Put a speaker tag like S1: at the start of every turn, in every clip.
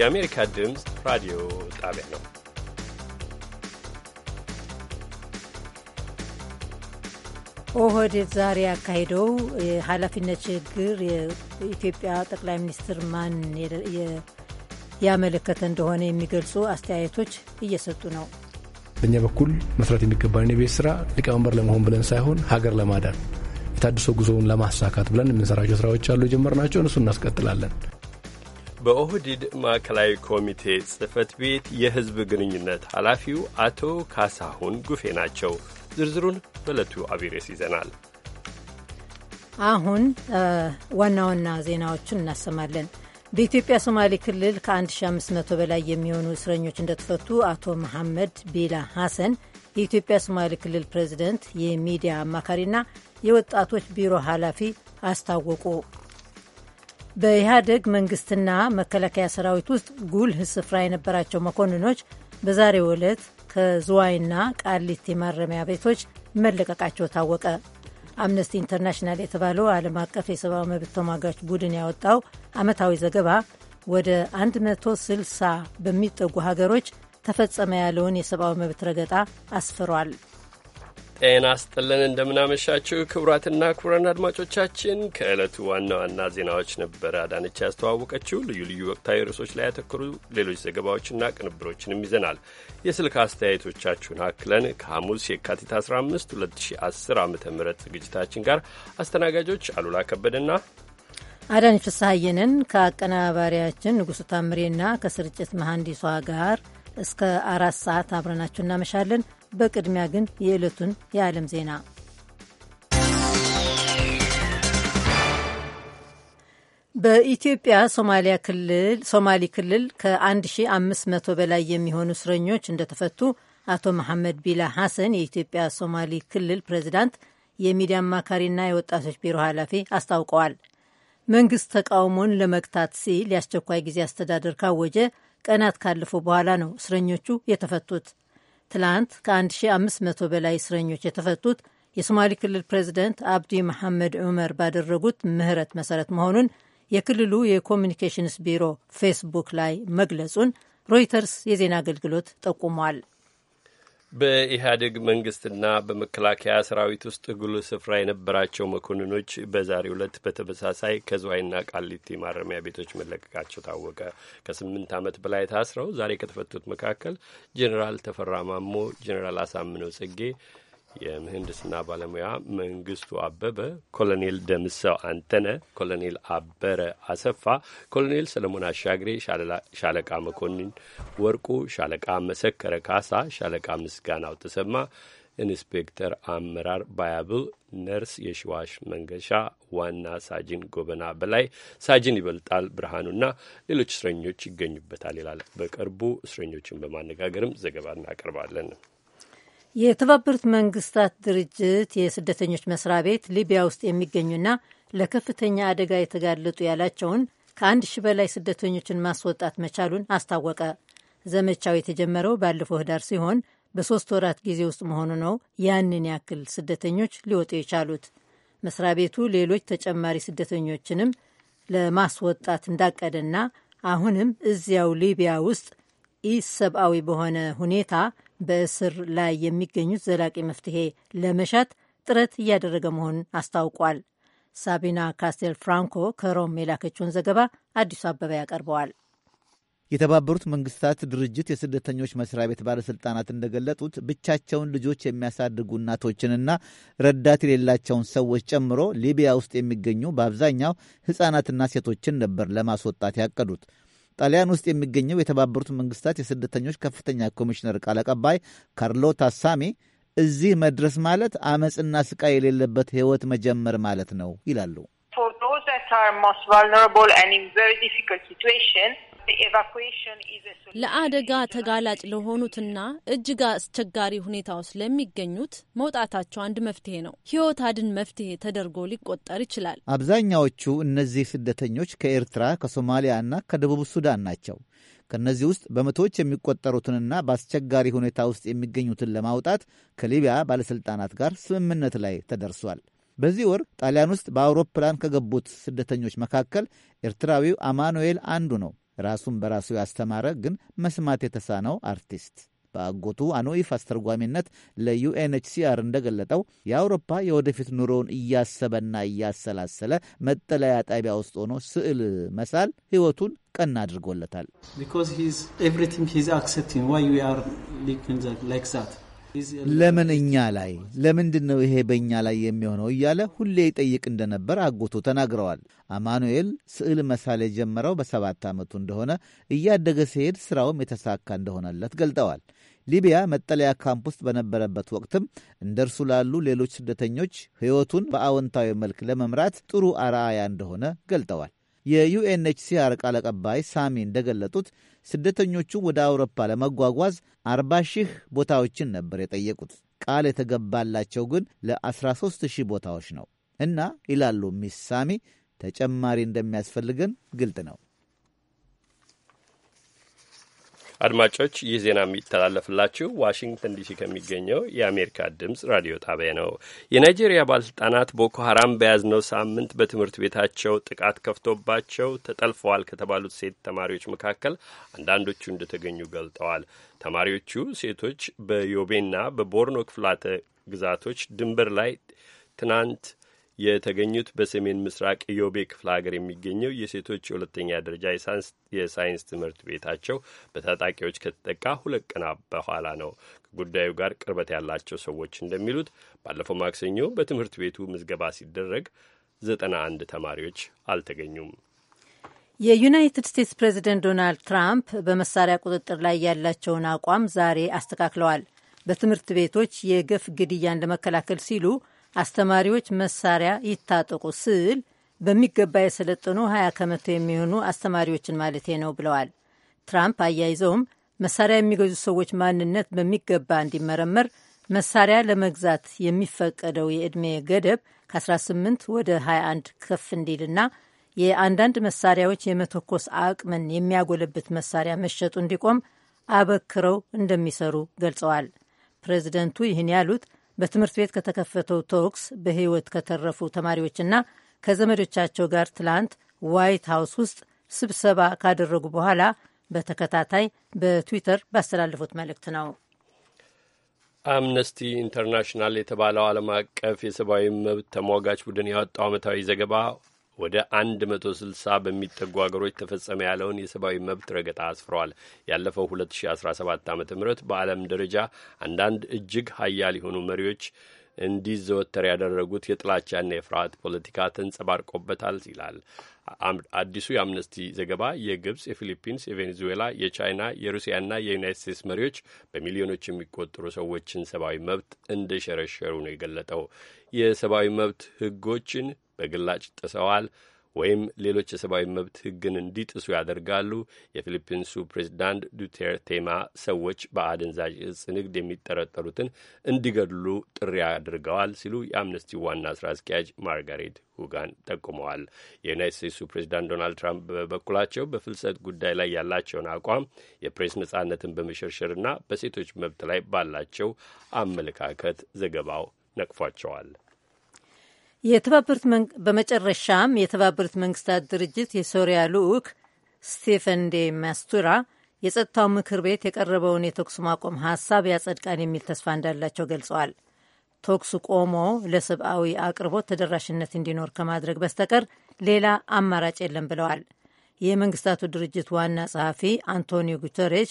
S1: የአሜሪካ ድምፅ ራዲዮ ጣቢያ ነው።
S2: ኦህዴድ ዛሬ ያካሄደው የኃላፊነት ችግር የኢትዮጵያ ጠቅላይ ሚኒስትር ማን ያመለከተ እንደሆነ የሚገልጹ አስተያየቶች እየሰጡ ነው።
S3: በእኛ በኩል መስራት የሚገባን የቤት ስራ ሊቀመንበር ለመሆን ብለን ሳይሆን ሀገር ለማዳን የታድሶ ጉዞውን ለማሳካት ብለን የምንሰራቸው ስራዎች አሉ። የጀመርናቸው እነሱ እናስቀጥላለን።
S1: በኦህዲድ ማዕከላዊ ኮሚቴ ጽህፈት ቤት የህዝብ ግንኙነት ኃላፊው አቶ ካሳሁን ጉፌ ናቸው። ዝርዝሩን በዕለቱ አቢሬስ ይዘናል።
S2: አሁን ዋና ዋና ዜናዎችን እናሰማለን። በኢትዮጵያ ሶማሌ ክልል ከ1500 በላይ የሚሆኑ እስረኞች እንደተፈቱ አቶ መሐመድ ቢላ ሐሰን የኢትዮጵያ ሶማሌ ክልል ፕሬዚደንት የሚዲያ አማካሪና የወጣቶች ቢሮ ኃላፊ አስታወቁ። በኢህአደግ መንግስትና መከላከያ ሰራዊት ውስጥ ጉልህ ስፍራ የነበራቸው መኮንኖች በዛሬው ዕለት ከዝዋይና ቃሊቲ ማረሚያ ቤቶች መለቀቃቸው ታወቀ። አምነስቲ ኢንተርናሽናል የተባለው ዓለም አቀፍ የሰብአዊ መብት ተሟጋች ቡድን ያወጣው ዓመታዊ ዘገባ ወደ 160 በሚጠጉ ሀገሮች ተፈጸመ ያለውን የሰብአዊ መብት ረገጣ አስፍሯል።
S1: ጤና ስጥልን እንደምናመሻችሁ ክቡራትና ክቡራን አድማጮቻችን ከዕለቱ ዋና ዋና ዜናዎች ነበረ አዳነች ያስተዋወቀችው። ልዩ ልዩ ወቅታዊ ርዕሶች ላይ ያተኮሩ ሌሎች ዘገባዎችና ቅንብሮችንም ይዘናል። የስልክ አስተያየቶቻችሁን አክለን ከሐሙስ የካቲት 15 2010 ዓ ም ዝግጅታችን ጋር አስተናጋጆች አሉላ ከበደና
S2: አዳነች ፍስሐየንን ከአቀናባሪያችን ንጉሱ ታምሬና ከስርጭት መሐንዲሷ ጋር እስከ አራት ሰዓት አብረናችሁ እናመሻለን። በቅድሚያ ግን የዕለቱን የዓለም ዜና በኢትዮጵያ ሶማሊያ ክልል ሶማሌ ክልል ከ1500 በላይ የሚሆኑ እስረኞች እንደተፈቱ አቶ መሐመድ ቢላ ሐሰን የኢትዮጵያ ሶማሌ ክልል ፕሬዚዳንት የሚዲያ አማካሪና የወጣቶች ቢሮ ኃላፊ አስታውቀዋል። መንግስት ተቃውሞን ለመግታት ሲል የአስቸኳይ ጊዜ አስተዳደር ካወጀ ቀናት ካለፉ በኋላ ነው እስረኞቹ የተፈቱት። ትላንት ከ1500 በላይ እስረኞች የተፈቱት የሶማሌ ክልል ፕሬዚደንት አብዲ መሐመድ ዑመር ባደረጉት ምህረት መሰረት መሆኑን የክልሉ የኮሚኒኬሽንስ ቢሮ ፌስቡክ ላይ መግለጹን ሮይተርስ የዜና አገልግሎት ጠቁሟል።
S1: በኢህአዴግ መንግስትና በመከላከያ ሰራዊት ውስጥ ጉልህ ስፍራ የነበራቸው መኮንኖች በዛሬው ዕለት በተመሳሳይ ከዝዋይና ቃሊቲ ማረሚያ ቤቶች መለቀቃቸው ታወቀ። ከስምንት ዓመት በላይ ታስረው ዛሬ ከተፈቱት መካከል ጄኔራል ተፈራ ማሞ፣ ጄኔራል አሳምነው ጽጌ የምህንድስና ባለሙያ መንግስቱ አበበ፣ ኮሎኔል ደምሰው አንተነ፣ ኮሎኔል አበረ አሰፋ፣ ኮሎኔል ሰለሞን አሻግሬ፣ ሻለቃ መኮንን ወርቁ፣ ሻለቃ መሰከረ ካሳ፣ ሻለቃ ምስጋናው ተሰማ፣ ኢንስፔክተር አመራር ባያብል፣ ነርስ የሽዋሽ መንገሻ፣ ዋና ሳጅን ጎበና በላይ፣ ሳጅን ይበልጣል ብርሃኑና ሌሎች እስረኞች ይገኙበታል ይላል። በቅርቡ እስረኞችን በማነጋገርም ዘገባ እናቀርባለን።
S2: የተባበሩት መንግስታት ድርጅት የስደተኞች መስሪያ ቤት ሊቢያ ውስጥ የሚገኙና ለከፍተኛ አደጋ የተጋለጡ ያላቸውን ከአንድ ሺህ በላይ ስደተኞችን ማስወጣት መቻሉን አስታወቀ። ዘመቻው የተጀመረው ባለፈው ህዳር ሲሆን በሶስት ወራት ጊዜ ውስጥ መሆኑ ነው። ያንን ያክል ስደተኞች ሊወጡ የቻሉት መስሪያ ቤቱ ሌሎች ተጨማሪ ስደተኞችንም ለማስወጣት እንዳቀደና አሁንም እዚያው ሊቢያ ውስጥ ኢሰብአዊ በሆነ ሁኔታ በእስር ላይ የሚገኙት ዘላቂ መፍትሄ ለመሻት ጥረት እያደረገ መሆኑን አስታውቋል። ሳቢና ካስቴል ፍራንኮ ከሮም የላከችውን ዘገባ አዲሱ አበባ ያቀርበዋል።
S4: የተባበሩት መንግስታት ድርጅት የስደተኞች መስሪያ ቤት ባለሥልጣናት እንደገለጡት ብቻቸውን ልጆች የሚያሳድጉ እናቶችንና ረዳት የሌላቸውን ሰዎች ጨምሮ ሊቢያ ውስጥ የሚገኙ በአብዛኛው ሕፃናትና ሴቶችን ነበር ለማስወጣት ያቀዱት። ጣሊያን ውስጥ የሚገኘው የተባበሩት መንግስታት የስደተኞች ከፍተኛ ኮሚሽነር ቃል አቀባይ ካርሎታ ሳሚ እዚህ መድረስ ማለት አመፅና ስቃይ የሌለበት ህይወት መጀመር ማለት ነው ይላሉ።
S5: ለአደጋ ተጋላጭ ለሆኑትና እጅግ አስቸጋሪ ሁኔታ ውስጥ ለሚገኙት መውጣታቸው አንድ መፍትሄ ነው። ሕይወት አድን መፍትሄ ተደርጎ ሊቆጠር ይችላል።
S4: አብዛኛዎቹ እነዚህ ስደተኞች ከኤርትራ፣ ከሶማሊያና ከደቡብ ሱዳን ናቸው። ከእነዚህ ውስጥ በመቶዎች የሚቆጠሩትንና በአስቸጋሪ ሁኔታ ውስጥ የሚገኙትን ለማውጣት ከሊቢያ ባለሥልጣናት ጋር ስምምነት ላይ ተደርሷል። በዚህ ወር ጣሊያን ውስጥ በአውሮፕላን ከገቡት ስደተኞች መካከል ኤርትራዊው አማኑኤል አንዱ ነው። ራሱን በራሱ ያስተማረ ግን መስማት የተሳነው አርቲስት በአጎቱ አኖኢፍ አስተርጓሚነት ለዩኤንኤችሲአር እንደገለጠው የአውሮፓ የወደፊት ኑሮውን እያሰበና እያሰላሰለ መጠለያ ጣቢያ ውስጥ ሆኖ ስዕል መሳል ሕይወቱን ቀና አድርጎለታል። ለምን እኛ ላይ ለምንድን ነው ይሄ በእኛ ላይ የሚሆነው እያለ ሁሌ ይጠይቅ እንደነበር አጎቱ ተናግረዋል። አማኑኤል ስዕል መሳል የጀመረው በሰባት ዓመቱ እንደሆነ እያደገ ሲሄድ ሥራውም የተሳካ እንደሆነለት ገልጠዋል። ሊቢያ መጠለያ ካምፕ ውስጥ በነበረበት ወቅትም እንደ እርሱ ላሉ ሌሎች ስደተኞች ሕይወቱን በአዎንታዊ መልክ ለመምራት ጥሩ አርአያ እንደሆነ ገልጠዋል። የዩኤንኤችሲአር ቃል አቀባይ ሳሚ እንደገለጡት ስደተኞቹ ወደ አውሮፓ ለመጓጓዝ አርባ ሺህ ቦታዎችን ነበር የጠየቁት። ቃል የተገባላቸው ግን ለ13 ሺህ ቦታዎች ነው እና ይላሉ ሚስ ሳሚ ተጨማሪ እንደሚያስፈልገን ግልጥ
S1: ነው። አድማጮች ይህ ዜና የሚተላለፍላችሁ ዋሽንግተን ዲሲ ከሚገኘው የአሜሪካ ድምፅ ራዲዮ ጣቢያ ነው። የናይጄሪያ ባለስልጣናት ቦኮ ሀራም በያዝነው ሳምንት በትምህርት ቤታቸው ጥቃት ከፍቶባቸው ተጠልፈዋል ከተባሉት ሴት ተማሪዎች መካከል አንዳንዶቹ እንደተገኙ ገልጠዋል። ተማሪዎቹ ሴቶች በዮቤና በቦርኖ ክፍላተ ግዛቶች ድንበር ላይ ትናንት የተገኙት በሰሜን ምስራቅ ዮቤ ክፍለ ሀገር የሚገኘው የሴቶች የሁለተኛ ደረጃ የሳይንስ ትምህርት ቤታቸው በታጣቂዎች ከተጠቃ ሁለት ቀና በኋላ ነው። ከጉዳዩ ጋር ቅርበት ያላቸው ሰዎች እንደሚሉት ባለፈው ማክሰኞ በትምህርት ቤቱ ምዝገባ ሲደረግ ዘጠና አንድ ተማሪዎች አልተገኙም።
S2: የዩናይትድ ስቴትስ ፕሬዚደንት ዶናልድ ትራምፕ በመሳሪያ ቁጥጥር ላይ ያላቸውን አቋም ዛሬ አስተካክለዋል። በትምህርት ቤቶች የገፍ ግድያን ለመከላከል ሲሉ አስተማሪዎች መሳሪያ ይታጠቁ ስል በሚገባ የሰለጠኑ 20 ከመቶ የሚሆኑ አስተማሪዎችን ማለቴ ነው ብለዋል። ትራምፕ አያይዘውም መሳሪያ የሚገዙ ሰዎች ማንነት በሚገባ እንዲመረመር መሳሪያ ለመግዛት የሚፈቀደው የዕድሜ ገደብ ከ18 ወደ 21 ከፍ እንዲልና የአንዳንድ መሳሪያዎች የመተኮስ አቅምን የሚያጎለብት መሳሪያ መሸጡ እንዲቆም አበክረው እንደሚሰሩ ገልጸዋል። ፕሬዚደንቱ ይህን ያሉት በትምህርት ቤት ከተከፈተው ተኩስ በህይወት ከተረፉ ተማሪዎችና ከዘመዶቻቸው ጋር ትላንት ዋይት ሃውስ ውስጥ ስብሰባ ካደረጉ በኋላ በተከታታይ በትዊተር ባስተላለፉት መልእክት ነው።
S1: አምነስቲ ኢንተርናሽናል የተባለው ዓለም አቀፍ የሰብአዊ መብት ተሟጋች ቡድን ያወጣው ዓመታዊ ዘገባ ወደ 160 በሚጠጉ አገሮች ተፈጸመ ያለውን የሰብአዊ መብት ረገጣ አስፍሯል። ያለፈው 2017 ዓ ም በዓለም ደረጃ አንዳንድ እጅግ ሀያል የሆኑ መሪዎች እንዲዘወተር ያደረጉት የጥላቻና የፍርሃት ፖለቲካ ተንጸባርቆበታል ይላል አዲሱ የአምነስቲ ዘገባ። የግብጽ፣ የፊሊፒንስ፣ የቬኔዙዌላ፣ የቻይና፣ የሩሲያና የዩናይት ስቴትስ መሪዎች በሚሊዮኖች የሚቆጠሩ ሰዎችን ሰብአዊ መብት እንደሸረሸሩ ነው የገለጠው። የሰብአዊ መብት ህጎችን በግላጭ ጥሰዋል ወይም ሌሎች የሰብአዊ መብት ህግን እንዲጥሱ ያደርጋሉ የፊሊፒንሱ ፕሬዚዳንት ዱቴርቴማ ሰዎች በአደንዛዥ እጽ ንግድ የሚጠረጠሩትን እንዲገድሉ ጥሪ አድርገዋል ሲሉ የአምነስቲ ዋና ስራ አስኪያጅ ማርጋሬት ሁጋን ጠቁመዋል። የዩናይት ስቴትሱ ፕሬዚዳንት ዶናልድ ትራምፕ በበኩላቸው በፍልሰት ጉዳይ ላይ ያላቸውን አቋም የፕሬስ ነጻነትን በመሸርሸርና በሴቶች መብት ላይ ባላቸው አመለካከት ዘገባው ነቅፏቸዋል።
S2: የተባበሩት በመጨረሻም የተባበሩት መንግስታት ድርጅት የሶሪያ ልዑክ ስቴፈን ዴ ማስቱራ የጸጥታው ምክር ቤት የቀረበውን የተኩስ ማቆም ሀሳብ ያጸድቃን የሚል ተስፋ እንዳላቸው ገልጸዋል። ተኩሱ ቆሞ ለሰብአዊ አቅርቦት ተደራሽነት እንዲኖር ከማድረግ በስተቀር ሌላ አማራጭ የለም ብለዋል። የመንግስታቱ ድርጅት ዋና ጸሐፊ አንቶኒዮ ጉተሬሽ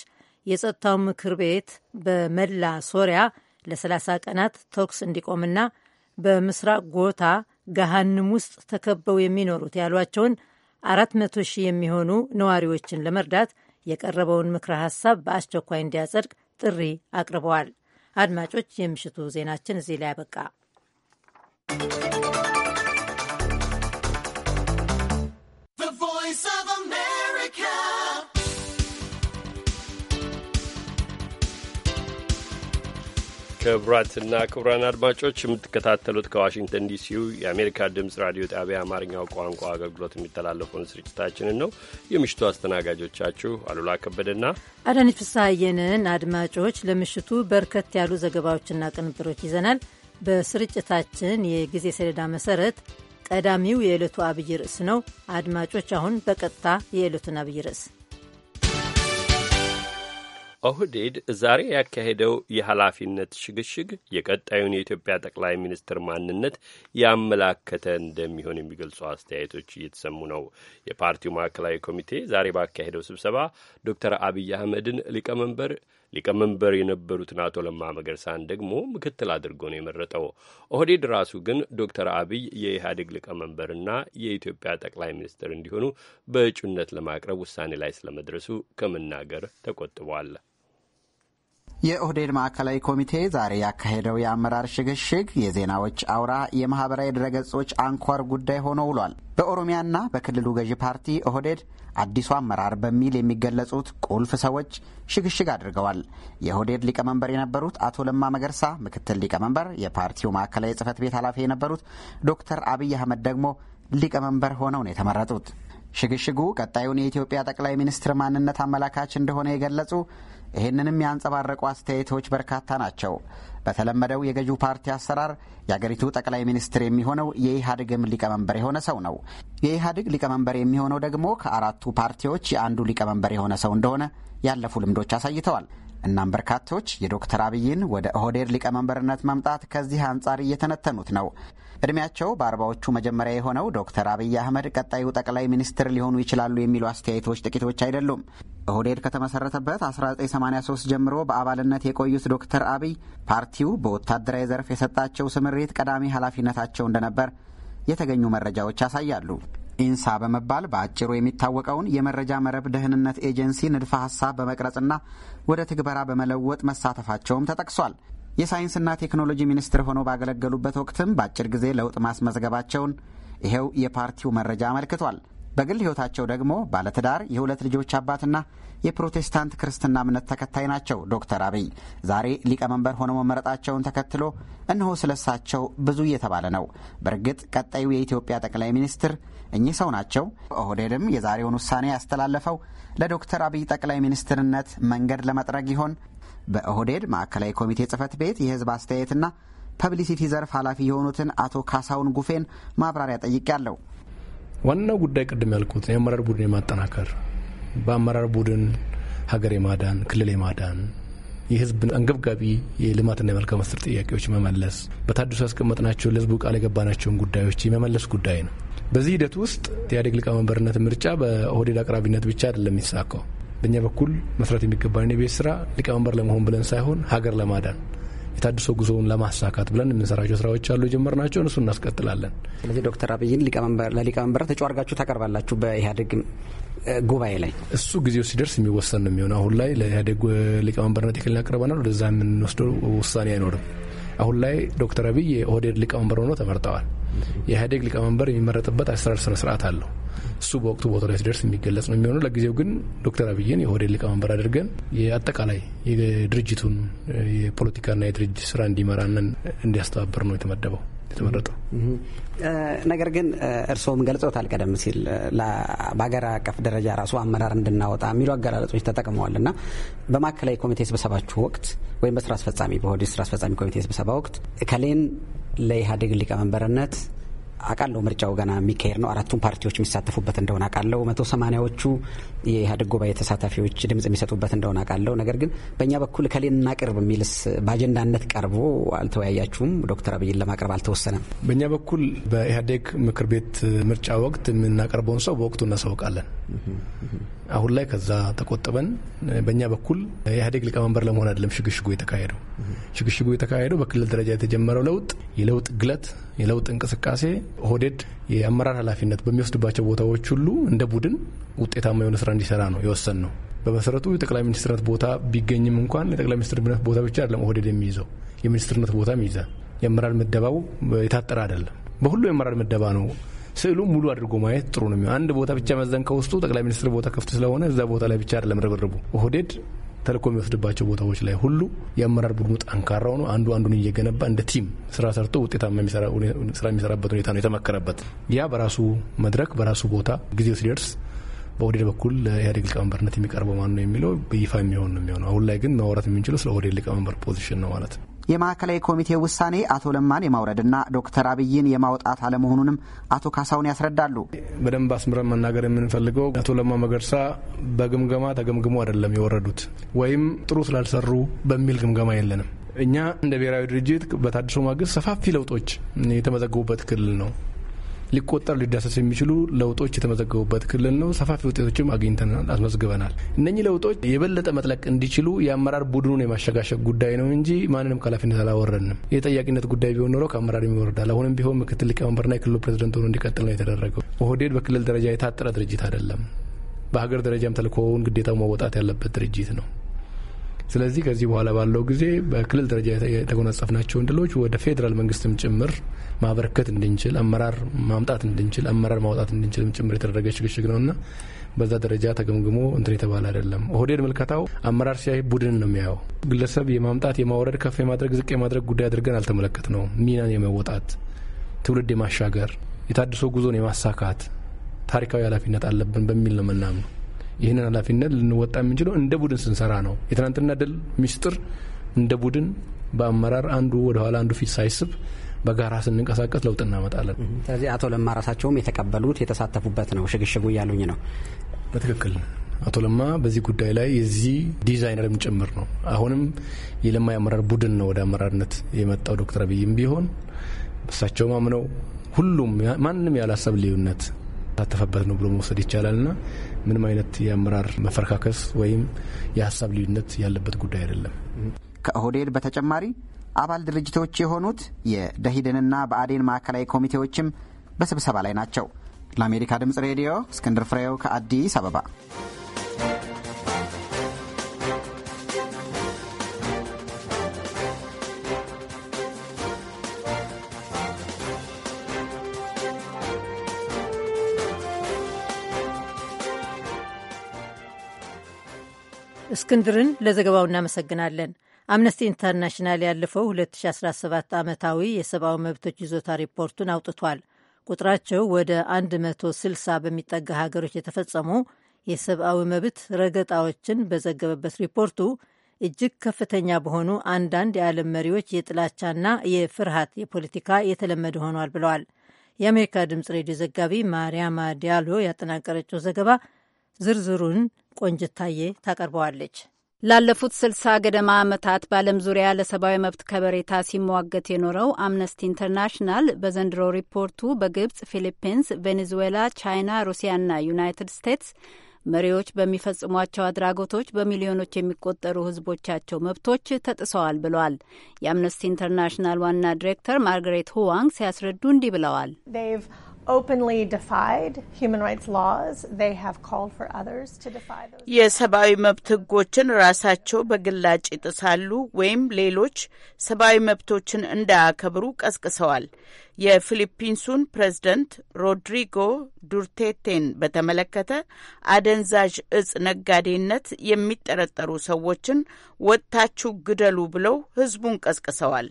S2: የጸጥታው ምክር ቤት በመላ ሶሪያ ለ30 ቀናት ተኩስ እንዲቆምና በምስራቅ ጎታ ገሃንም ውስጥ ተከበው የሚኖሩት ያሏቸውን 400 ሺህ የሚሆኑ ነዋሪዎችን ለመርዳት የቀረበውን ምክረ ሀሳብ በአስቸኳይ እንዲያጸድቅ ጥሪ አቅርበዋል። አድማጮች፣ የምሽቱ ዜናችን እዚህ ላይ አበቃ።
S1: ክቡራትና ክቡራን አድማጮች የምትከታተሉት ከዋሽንግተን ዲሲው የአሜሪካ ድምፅ ራዲዮ ጣቢያ አማርኛው ቋንቋ አገልግሎት የሚተላለፈውን ስርጭታችንን ነው። የምሽቱ አስተናጋጆቻችሁ አሉላ ከበደና
S2: አዳነች ፍስሐየንን። አድማጮች ለምሽቱ በርከት ያሉ ዘገባዎችና ቅንብሮች ይዘናል። በስርጭታችን የጊዜ ሰሌዳ መሰረት ቀዳሚው የዕለቱ አብይ ርዕስ ነው። አድማጮች አሁን በቀጥታ የዕለቱን አብይ ርዕስ
S1: ኦህዴድ ዛሬ ያካሄደው የኃላፊነት ሽግሽግ የቀጣዩን የኢትዮጵያ ጠቅላይ ሚኒስትር ማንነት ያመላከተ እንደሚሆን የሚገልጹ አስተያየቶች እየተሰሙ ነው። የፓርቲው ማዕከላዊ ኮሚቴ ዛሬ ባካሄደው ስብሰባ ዶክተር አብይ አህመድን ሊቀመንበር ሊቀመንበር የነበሩትን አቶ ለማ መገርሳን ደግሞ ምክትል አድርጎ ነው የመረጠው። ኦህዴድ ራሱ ግን ዶክተር አብይ የኢህአዴግ ሊቀመንበርና የኢትዮጵያ ጠቅላይ ሚኒስትር እንዲሆኑ በእጩነት ለማቅረብ ውሳኔ ላይ ስለመድረሱ ከመናገር ተቆጥቧል።
S6: የኦህዴድ ማዕከላዊ ኮሚቴ ዛሬ ያካሄደው የአመራር ሽግሽግ የዜናዎች አውራ የማህበራዊ ድረገጾች አንኳር ጉዳይ ሆኖ ውሏል። በኦሮሚያና በክልሉ ገዢ ፓርቲ ኦህዴድ አዲሱ አመራር በሚል የሚገለጹት ቁልፍ ሰዎች ሽግሽግ አድርገዋል። የኦህዴድ ሊቀመንበር የነበሩት አቶ ለማ መገርሳ ምክትል ሊቀመንበር፣ የፓርቲው ማዕከላዊ ጽህፈት ቤት ኃላፊ የነበሩት ዶክተር አብይ አህመድ ደግሞ ሊቀመንበር ሆነው ነው የተመረጡት። ሽግሽጉ ቀጣዩን የኢትዮጵያ ጠቅላይ ሚኒስትር ማንነት አመላካች እንደሆነ የገለጹ ይህንንም ያንጸባረቁ አስተያየቶች በርካታ ናቸው። በተለመደው የገዢው ፓርቲ አሰራር የአገሪቱ ጠቅላይ ሚኒስትር የሚሆነው የኢህአዴግም ሊቀመንበር የሆነ ሰው ነው። የኢህአዴግ ሊቀመንበር የሚሆነው ደግሞ ከአራቱ ፓርቲዎች የአንዱ ሊቀመንበር የሆነ ሰው እንደሆነ ያለፉ ልምዶች አሳይተዋል። እናም በርካቶች የዶክተር አብይን ወደ ኦህዴድ ሊቀመንበርነት መምጣት ከዚህ አንጻር እየተነተኑት ነው። እድሜያቸው በአርባዎቹ መጀመሪያ የሆነው ዶክተር አብይ አህመድ ቀጣዩ ጠቅላይ ሚኒስትር ሊሆኑ ይችላሉ የሚሉ አስተያየቶች ጥቂቶች አይደሉም። ኦህዴድ ከተመሰረተበት 1983 ጀምሮ በአባልነት የቆዩት ዶክተር አብይ ፓርቲው በወታደራዊ ዘርፍ የሰጣቸው ስምሪት ቀዳሚ ኃላፊነታቸው እንደነበር የተገኙ መረጃዎች ያሳያሉ። ኢንሳ በመባል በአጭሩ የሚታወቀውን የመረጃ መረብ ደህንነት ኤጀንሲ ንድፈ ሀሳብ በመቅረጽና ወደ ትግበራ በመለወጥ መሳተፋቸውም ተጠቅሷል። የሳይንስና ቴክኖሎጂ ሚኒስትር ሆነው ባገለገሉበት ወቅትም በአጭር ጊዜ ለውጥ ማስመዝገባቸውን ይኸው የፓርቲው መረጃ አመልክቷል። በግል ሕይወታቸው ደግሞ ባለትዳር የሁለት ልጆች አባትና የፕሮቴስታንት ክርስትና እምነት ተከታይ ናቸው። ዶክተር አብይ ዛሬ ሊቀመንበር ሆነው መመረጣቸውን ተከትሎ እነሆ ስለሳቸው ብዙ እየተባለ ነው። በእርግጥ ቀጣዩ የኢትዮጵያ ጠቅላይ ሚኒስትር እኚህ ሰው ናቸው። ኦህዴድም የዛሬውን ውሳኔ ያስተላለፈው ለዶክተር አብይ ጠቅላይ ሚኒስትርነት መንገድ ለመጥረግ ይሆን? በኦህዴድ ማዕከላዊ ኮሚቴ ጽህፈት ቤት የህዝብ አስተያየትና ፐብሊሲቲ ዘርፍ ኃላፊ የሆኑትን አቶ ካሳውን ጉፌን ማብራሪያ ያለው
S3: ዋናው ጉዳይ ቅድም ያልኩት የአመራር ቡድን የማጠናከር በአመራር ቡድን ሀገር የማዳን ክልል የማዳን የህዝብ አንገብጋቢ የልማትና የመልካም አስተዳደር ጥያቄዎች መመለስ በታድሶ ያስቀመጥናቸው ለህዝቡ ቃል የገባናቸውን ጉዳዮች የመመለስ ጉዳይ ነው። በዚህ ሂደት ውስጥ ኢህአዴግ ሊቀመንበርነት ምርጫ በኦህዴድ አቅራቢነት ብቻ አይደለም የሚሳካው። በእኛ በኩል መስራት የሚገባን የቤት ስራ ሊቀመንበር ለመሆን ብለን ሳይሆን ሀገር ለማዳን የታድሶ ጉዞውን ለማሳካት ብለን የምንሰራቸው ስራዎች አሉ። የጀመር ናቸው እነሱ እናስቀጥላለን።
S6: ስለዚህ ዶክተር አብይን ለሊቀመንበር ተጫ ታቀርባላችሁ በኢህአዴግ
S3: ጉባኤ ላይ እሱ ጊዜው ሲደርስ የሚወሰን ነው የሚሆነ። አሁን ላይ ለኢህአዴግ ሊቀመንበርነት የክልን ያቀርበናል። ወደዛ የምንወስደው ውሳኔ አይኖርም። አሁን ላይ ዶክተር አብይ የኦህዴድ ሊቀመንበር ሆኖ ተመርጠዋል። የኢህአዴግ ሊቀመንበር የሚመረጥበት አሰራር ስነስርዓት አለው። እሱ በወቅቱ ቦታ ላይ ሲደርስ የሚገለጽ ነው የሚሆነው። ለጊዜው ግን ዶክተር አብይን የኦህዴድ ሊቀመንበር አድርገን የአጠቃላይ የድርጅቱን የፖለቲካና የድርጅት ስራ እንዲመራነን እንዲያስተባብር ነው የተመደበው የተመረጠው።
S6: ነገር ግን እርስዎም ገልጸውታል። ቀደም ሲል በሀገር አቀፍ ደረጃ ራሱ አመራር እንድናወጣ የሚሉ አገላለጾች ተጠቅመዋል እና በማዕከላዊ ኮሚቴ ስብሰባችሁ ወቅት ወይም በስራ አስፈጻሚ በሆዲ ስራ አስፈጻሚ ኮሚቴ ስብሰባ ወቅት ከሌን ለኢህአዴግ ሊቀመንበርነት አውቃለሁ ምርጫው ገና የሚካሄድ ነው። አራቱም ፓርቲዎች የሚሳተፉበት እንደሆነ አውቃለሁ። መቶ ሰማኒያዎቹ የኢህአዴግ ጉባኤ ተሳታፊዎች ድምጽ የሚሰጡበት እንደሆነ አውቃለሁ። ነገር ግን በእኛ በኩል ከሌና እናቅርብ የሚልስ በአጀንዳነት ቀርቦ አልተወያያችሁም? ዶክተር አብይን ለማቅረብ አልተወሰነም? በእኛ
S3: በኩል በኢህአዴግ ምክር ቤት ምርጫ ወቅት የምናቀርበውን ሰው በወቅቱ እናሳውቃለን። አሁን ላይ ከዛ ተቆጥበን በእኛ በኩል የኢህአዴግ ሊቀመንበር ለመሆን አይደለም ሽግሽጉ የተካሄደው። ሽግሽጉ የተካሄደው በክልል ደረጃ የተጀመረው ለውጥ የለውጥ ግለት የለውጥ እንቅስቃሴ ኦህዴድ የአመራር ኃላፊነት በሚወስድባቸው ቦታዎች ሁሉ እንደ ቡድን ውጤታማ የሆነ ስራ እንዲሰራ ነው የወሰን ነው። በመሰረቱ የጠቅላይ ሚኒስትርነት ቦታ ቢገኝም እንኳን የጠቅላይ ሚኒስትርነት ቦታ ብቻ አይደለም ኦህዴድ የሚይዘው የሚኒስትርነት ቦታ ይይዛል። የአመራር ምደባው የታጠረ አይደለም። በሁሉ የአመራር ምደባ ነው። ስዕሉ ሙሉ አድርጎ ማየት ጥሩ ነው። አንድ ቦታ ብቻ መዘን ከውስጡ ጠቅላይ ሚኒስትር ቦታ ክፍት ስለሆነ እዛ ቦታ ላይ ብቻ አይደለም ርብርቡ። ኦህዴድ ተልእኮ የሚወስድባቸው ቦታዎች ላይ ሁሉ የአመራር ቡድኑ ጠንካራ ሆኖ አንዱ አንዱን እየገነባ እንደ ቲም ስራ ሰርቶ ውጤታማ ስራ የሚሰራበት ሁኔታ ነው የተመከረበት። ያ በራሱ መድረክ በራሱ ቦታ ጊዜው ሲደርስ በኦህዴድ በኩል ለኢህአዴግ ሊቀመንበርነት የሚቀርበው ማን ነው የሚለው በይፋ የሚሆን ነው የሚሆነው። አሁን ላይ ግን ማውራት የምንችለው ስለ ኦህዴድ ሊቀመንበር ፖዚሽን ነው ማለት ነው።
S6: የማዕከላዊ ኮሚቴ ውሳኔ አቶ ለማን የማውረድና ዶክተር አብይን የማውጣት አለመሆኑንም አቶ ካሳውን ያስረዳሉ።
S3: በደንብ አስምረን መናገር የምንፈልገው አቶ ለማ መገርሳ በግምገማ ተገምግሞ አይደለም የወረዱት ወይም ጥሩ ስላልሰሩ በሚል ግምገማ የለንም። እኛ እንደ ብሔራዊ ድርጅት በታድሶ ማግስት ሰፋፊ ለውጦች የተመዘገቡበት ክልል ነው። ሊቆጠር ሊዳሰስ የሚችሉ ለውጦች የተመዘገቡበት ክልል ነው። ሰፋፊ ውጤቶችም አግኝተናል፣ አስመዝግበናል። እነኚህ ለውጦች የበለጠ መጥለቅ እንዲችሉ የአመራር ቡድኑን የማሸጋሸግ ጉዳይ ነው እንጂ ማንንም ከኃላፊነት አላወረንም። የጠያቂነት ጉዳይ ቢሆን ኖረው ከአመራር ይወርዳል። አሁንም ቢሆን ምክትል ሊቀመንበርና የክልሉ ፕሬዚደንት ሆኖ እንዲቀጥል ነው የተደረገው። ኦህዴድ በክልል ደረጃ የታጠረ ድርጅት አይደለም። በሀገር ደረጃም ተልእኮውን ግዴታው መወጣት ያለበት ድርጅት ነው። ስለዚህ ከዚህ በኋላ ባለው ጊዜ በክልል ደረጃ የተጎናጸፍናቸውን ድሎች ወደ ፌዴራል መንግስትም ጭምር ማበረከት እንድንችል አመራር ማምጣት እንድንችል አመራር ማውጣት እንድንችልም ጭምር የተደረገ ሽግሽግ ነውና በዛ ደረጃ ተገምግሞ እንትን የተባለ አይደለም። ኦህዴድ ምልከታው አመራር ሲያይ ቡድን ነው የሚያየው። ግለሰብ የማምጣት የማውረድ፣ ከፍ የማድረግ ዝቅ የማድረግ ጉዳይ አድርገን አልተመለከት ነው። ሚናን የመወጣት ትውልድ የማሻገር የታድሶ ጉዞን የማሳካት ታሪካዊ ኃላፊነት አለብን በሚል ነው ምናምነው። ይህንን ኃላፊነት ልንወጣ የምንችለው እንደ ቡድን ስንሰራ ነው። የትናንትና ድል ሚስጥር እንደ ቡድን በአመራር አንዱ ወደኋላ አንዱ ፊት ሳይስብ በጋራ ስንንቀሳቀስ ለውጥ እናመጣለን። ስለዚህ አቶ ለማ ራሳቸውም የተቀበሉት የተሳተፉበት ነው ሽግሽጉ እያሉኝ ነው። በትክክል አቶ ለማ በዚህ ጉዳይ ላይ የዚህ ዲዛይነርም ጭምር ነው። አሁንም የለማ የአመራር ቡድን ነው ወደ አመራርነት የመጣው። ዶክተር አብይም ቢሆን እሳቸውም አምነው ሁሉም ማንም ያለ ልዩነት ተሳተፈበት ነው ብሎ መውሰድ ና ምንም አይነት የአመራር መፈረካከስ ወይም የሀሳብ ልዩነት ያለበት ጉዳይ አይደለም።
S6: ከኦህዴድ በተጨማሪ አባል ድርጅቶች የሆኑት የደኢህዴንና በአዴን ማዕከላዊ ኮሚቴዎችም በስብሰባ ላይ ናቸው። ለአሜሪካ ድምፅ ሬዲዮ እስክንድር ፍሬው ከአዲስ አበባ
S2: እስክንድርን ለዘገባው እናመሰግናለን። አምነስቲ ኢንተርናሽናል ያለፈው 2017 ዓመታዊ የሰብአዊ መብቶች ይዞታ ሪፖርቱን አውጥቷል። ቁጥራቸው ወደ 160 በሚጠጋ ሀገሮች የተፈጸሙ የሰብአዊ መብት ረገጣዎችን በዘገበበት ሪፖርቱ እጅግ ከፍተኛ በሆኑ አንዳንድ የዓለም መሪዎች የጥላቻና የፍርሃት የፖለቲካ የተለመደ ሆኗል ብለዋል። የአሜሪካ ድምፅ ሬዲዮ ዘጋቢ ማርያማ ዲያሎ ያጠናቀረችው ዘገባ ዝርዝሩን ቆንጅታዬ ታቀርበዋለች። ላለፉት ስልሳ ገደማ ዓመታት በዓለም
S5: ዙሪያ ለሰብአዊ መብት ከበሬታ ሲሟገት የኖረው አምነስቲ ኢንተርናሽናል በዘንድሮ ሪፖርቱ በግብጽ፣ ፊሊፒንስ፣ ቬኔዙዌላ፣ ቻይና፣ ሩሲያና ዩናይትድ ስቴትስ መሪዎች በሚፈጽሟቸው አድራጎቶች በሚሊዮኖች የሚቆጠሩ ሕዝቦቻቸው መብቶች ተጥሰዋል ብለዋል። የአምነስቲ ኢንተርናሽናል ዋና ዲሬክተር ማርግሬት ሁዋንግ ሲያስረዱ እንዲህ
S7: ብለዋል። የሰብአዊ መብት ሕጎችን ራሳቸው በግላጭ ይጥሳሉ ወይም ሌሎች ሰብአዊ መብቶችን እንዳያከብሩ ቀስቅሰዋል። የፊሊፒንሱን ፕሬዝደንት ሮድሪጎ ዱርቴቴን በተመለከተ አደንዛዥ እጽ ነጋዴነት የሚጠረጠሩ ሰዎችን ወጥታችሁ ግደሉ ብለው ህዝቡን ቀስቅሰዋል።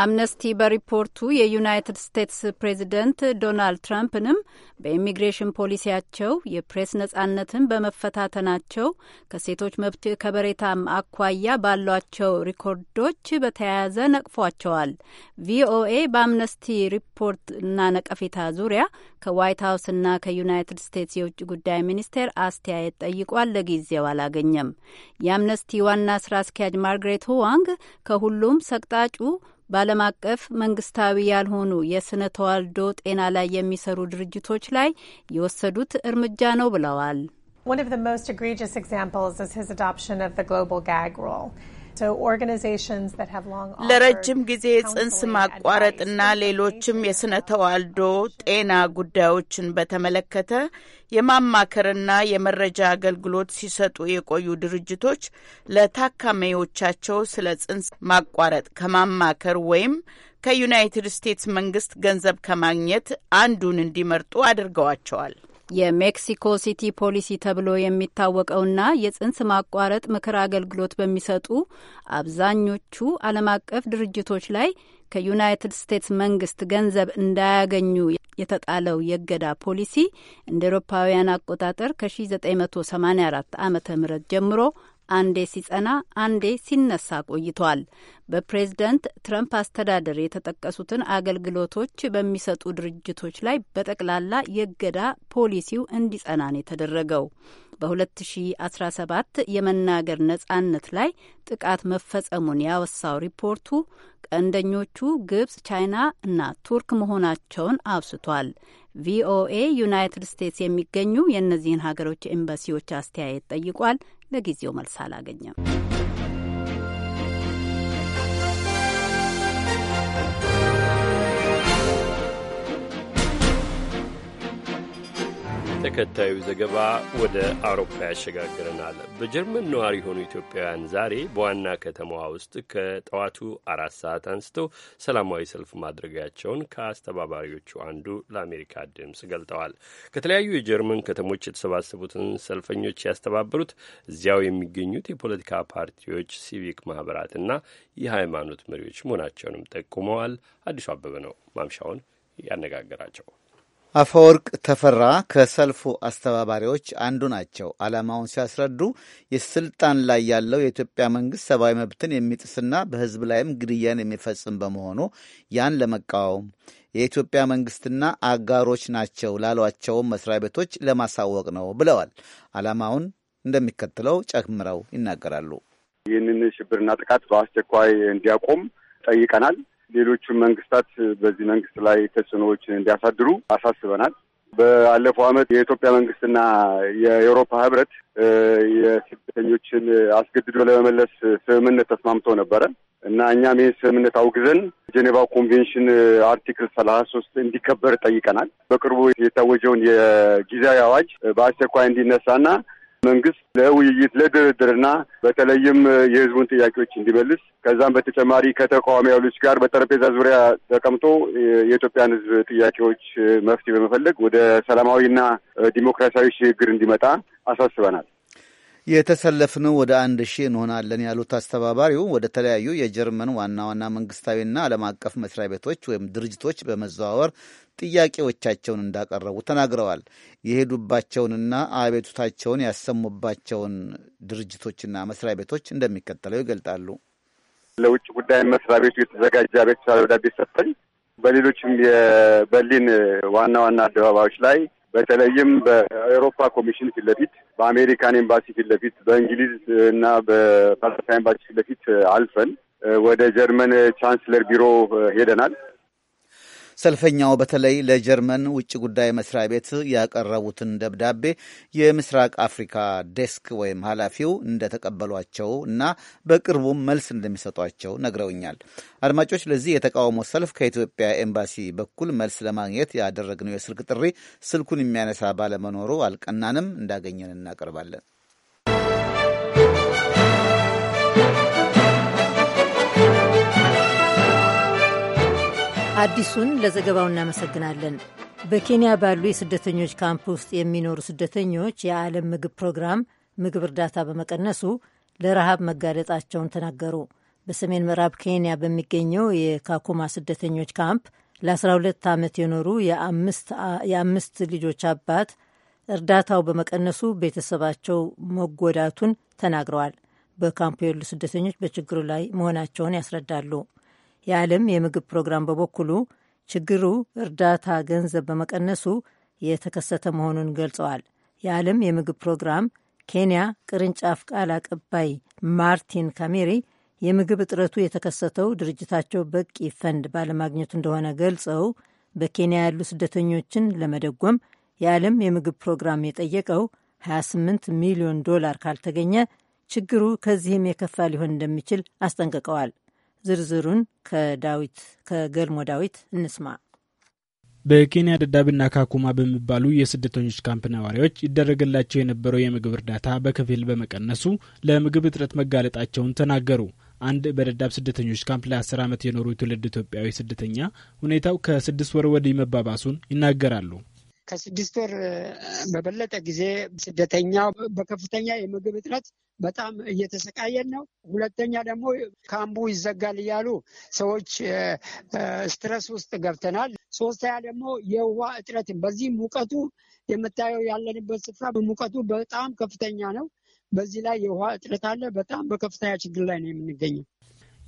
S7: አምነስቲ በሪፖርቱ የዩናይትድ ስቴትስ
S5: ፕሬዚደንት ዶናልድ ትራምፕንም በኢሚግሬሽን ፖሊሲያቸው የፕሬስ ነጻነትን በመፈታተናቸው ከሴቶች መብት ከበሬታም አኳያ ባሏቸው ሪኮርዶች በተያያዘ ነቅፏቸዋል። ቪኦኤ በአምነስቲ ሪፖርትና ነቀፌታ ዙሪያ ከዋይት ሀውስና ከዩናይትድ ስቴትስ የውጭ ጉዳይ ሚኒስቴር አስተያየት ጠይቋል። ለጊዜው አላገኘም። የአምነስቲ ዋና ስራ አስኪያጅ ማርግሬት ዋንግ ከሁሉም ሰቅጣጩ በዓለም አቀፍ መንግስታዊ ያልሆኑ የስነ ተዋልዶ ጤና ላይ የሚሰሩ ድርጅቶች ላይ የወሰዱት እርምጃ ነው ብለዋል።
S2: One of the most egregious examples is his adoption of the global gag rule.
S7: ለረጅም ጊዜ ጽንስ ማቋረጥና ሌሎችም የስነ ተዋልዶ ጤና ጉዳዮችን በተመለከተ የማማከርና የመረጃ አገልግሎት ሲሰጡ የቆዩ ድርጅቶች ለታካሚዎቻቸው ስለ ጽንስ ማቋረጥ ከማማከር ወይም ከዩናይትድ ስቴትስ መንግስት ገንዘብ ከማግኘት አንዱን እንዲመርጡ አድርገዋቸዋል። የሜክሲኮ ሲቲ ፖሊሲ ተብሎ
S5: የሚታወቀውና የጽንስ ማቋረጥ ምክር አገልግሎት በሚሰጡ አብዛኞቹ ዓለም አቀፍ ድርጅቶች ላይ ከዩናይትድ ስቴትስ መንግስት ገንዘብ እንዳያገኙ የተጣለው የእገዳ ፖሊሲ እንደ ኤሮፓውያን አቆጣጠር ከ1984 ዓ ም ጀምሮ አንዴ ሲጸና አንዴ ሲነሳ ቆይቷል። በፕሬዝደንት ትረምፕ አስተዳደር የተጠቀሱትን አገልግሎቶች በሚሰጡ ድርጅቶች ላይ በጠቅላላ የእገዳ ፖሊሲው እንዲጸናን የተደረገው። በ2017 የመናገር ነጻነት ላይ ጥቃት መፈጸሙን ያወሳው ሪፖርቱ ቀንደኞቹ ግብጽ፣ ቻይና እና ቱርክ መሆናቸውን አብስቷል። ቪኦኤ ዩናይትድ ስቴትስ የሚገኙ የእነዚህን ሀገሮች ኤምባሲዎች አስተያየት ጠይቋል። ለጊዜው መልስ አላገኘም።
S1: ተከታዩ ዘገባ ወደ አውሮፓ ያሸጋግረናል። በጀርመን ነዋሪ የሆኑ ኢትዮጵያውያን ዛሬ በዋና ከተማዋ ውስጥ ከጠዋቱ አራት ሰዓት አንስተው ሰላማዊ ሰልፍ ማድረጋቸውን ከአስተባባሪዎቹ አንዱ ለአሜሪካ ድምፅ ገልጠዋል። ከተለያዩ የጀርመን ከተሞች የተሰባሰቡትን ሰልፈኞች ያስተባበሩት እዚያው የሚገኙት የፖለቲካ ፓርቲዎች፣ ሲቪክ ማህበራትና የሃይማኖት መሪዎች መሆናቸውንም ጠቁመዋል። አዲሱ አበበ ነው ማምሻውን ያነጋገራቸው።
S4: አፈወርቅ ተፈራ ከሰልፉ አስተባባሪዎች አንዱ ናቸው። ዓላማውን ሲያስረዱ የስልጣን ላይ ያለው የኢትዮጵያ መንግስት ሰብአዊ መብትን የሚጥስና በህዝብ ላይም ግድያን የሚፈጽም በመሆኑ ያን ለመቃወም የኢትዮጵያ መንግስትና አጋሮች ናቸው ላሏቸውም መስሪያ ቤቶች ለማሳወቅ ነው ብለዋል። ዓላማውን እንደሚከተለው ጨምረው ይናገራሉ።
S8: ይህንን ሽብርና ጥቃት በአስቸኳይ እንዲያቆም ጠይቀናል። ሌሎቹም መንግስታት በዚህ መንግስት ላይ ተጽዕኖዎችን እንዲያሳድሩ አሳስበናል። በአለፈው ዓመት የኢትዮጵያ መንግስትና የአውሮፓ ህብረት የስደተኞችን አስገድዶ ለመመለስ ስምምነት ተስማምቶ ነበረ እና እኛም ይህን ስምምነት አውግዘን ጄኔቫ ኮንቬንሽን አርቲክል ሰላሳ ሶስት እንዲከበር ጠይቀናል። በቅርቡ የታወጀውን የጊዜያዊ አዋጅ በአስቸኳይ እንዲነሳና መንግስት ለውይይት ለድርድርና በተለይም የህዝቡን ጥያቄዎች እንዲመልስ ከዛም በተጨማሪ ከተቃዋሚ ኃይሎች ጋር በጠረጴዛ ዙሪያ ተቀምጦ የኢትዮጵያን ህዝብ ጥያቄዎች መፍትሄ በመፈለግ ወደ ሰላማዊና ዲሞክራሲያዊ ሽግግር እንዲመጣ
S6: አሳስበናል።
S4: የተሰለፍነው ወደ አንድ ሺህ እንሆናለን ያሉት አስተባባሪው ወደ ተለያዩ የጀርመን ዋና ዋና መንግስታዊና ዓለም አቀፍ መስሪያ ቤቶች ወይም ድርጅቶች በመዘዋወር ጥያቄዎቻቸውን እንዳቀረቡ ተናግረዋል። የሄዱባቸውንና አቤቱታቸውን ያሰሙባቸውን ድርጅቶችና መስሪያ ቤቶች እንደሚከተለው ይገልጣሉ።
S8: ለውጭ ጉዳይ መስሪያ ቤቱ የተዘጋጀ አቤቱታ ደብዳቤ ሰጠኝ። በሌሎችም የበርሊን ዋና ዋና አደባባዮች ላይ በተለይም በአውሮፓ ኮሚሽን ፊት ለፊት፣ በአሜሪካን ኤምባሲ ፊት ለፊት፣ በእንግሊዝ እና በፈረንሳይ ኤምባሲ ፊት ለፊት አልፈን ወደ ጀርመን ቻንስለር ቢሮ ሄደናል።
S4: ሰልፈኛው በተለይ ለጀርመን ውጭ ጉዳይ መስሪያ ቤት ያቀረቡትን ደብዳቤ የምስራቅ አፍሪካ ዴስክ ወይም ኃላፊው እንደተቀበሏቸው እና በቅርቡም መልስ እንደሚሰጧቸው ነግረውኛል። አድማጮች፣ ለዚህ የተቃውሞ ሰልፍ ከኢትዮጵያ ኤምባሲ በኩል መልስ ለማግኘት ያደረግነው የስልክ ጥሪ ስልኩን የሚያነሳ ባለመኖሩ አልቀናንም። እንዳገኘን እናቀርባለን።
S2: አዲሱን ለዘገባው እናመሰግናለን። በኬንያ ባሉ የስደተኞች ካምፕ ውስጥ የሚኖሩ ስደተኞች የዓለም ምግብ ፕሮግራም ምግብ እርዳታ በመቀነሱ ለረሃብ መጋለጣቸውን ተናገሩ። በሰሜን ምዕራብ ኬንያ በሚገኘው የካኩማ ስደተኞች ካምፕ ለ12 ዓመት የኖሩ የአምስት ልጆች አባት እርዳታው በመቀነሱ ቤተሰባቸው መጎዳቱን ተናግረዋል። በካምፑ የሉ ስደተኞች በችግሩ ላይ መሆናቸውን ያስረዳሉ። የዓለም የምግብ ፕሮግራም በበኩሉ ችግሩ እርዳታ ገንዘብ በመቀነሱ የተከሰተ መሆኑን ገልጸዋል። የዓለም የምግብ ፕሮግራም ኬንያ ቅርንጫፍ ቃል አቀባይ ማርቲን ካሜሪ የምግብ እጥረቱ የተከሰተው ድርጅታቸው በቂ ፈንድ ባለማግኘቱ እንደሆነ ገልጸው በኬንያ ያሉ ስደተኞችን ለመደጎም የዓለም የምግብ ፕሮግራም የጠየቀው 28 ሚሊዮን ዶላር ካልተገኘ ችግሩ ከዚህም የከፋ ሊሆን እንደሚችል አስጠንቅቀዋል። ዝርዝሩን ከዳዊት ከገልሞ ዳዊት እንስማ።
S9: በኬንያ ደዳብና ካኩማ በሚባሉ የስደተኞች ካምፕ ነዋሪዎች ይደረግላቸው የነበረው የምግብ እርዳታ በከፊል በመቀነሱ ለምግብ እጥረት መጋለጣቸውን ተናገሩ። አንድ በደዳብ ስደተኞች ካምፕ ለ ለ10 ዓመት የኖሩ ትውልድ ኢትዮጵያዊ ስደተኛ ሁኔታው ከስድስት ወር ወዲህ መባባሱን ይናገራሉ።
S6: ከስድስት ወር በበለጠ ጊዜ ስደተኛው በከፍተኛ የምግብ እጥረት በጣም እየተሰቃየን ነው። ሁለተኛ ደግሞ ካምቡ ይዘጋል እያሉ ሰዎች ስትረስ ውስጥ ገብተናል። ሶስተኛ ደግሞ የውሃ እጥረትን በዚህ ሙቀቱ የምታየው ያለንበት ስፍራ በሙቀቱ በጣም ከፍተኛ ነው። በዚህ ላይ የውሃ እጥረት አለ። በጣም በከፍተኛ ችግር ላይ ነው የምንገኘው።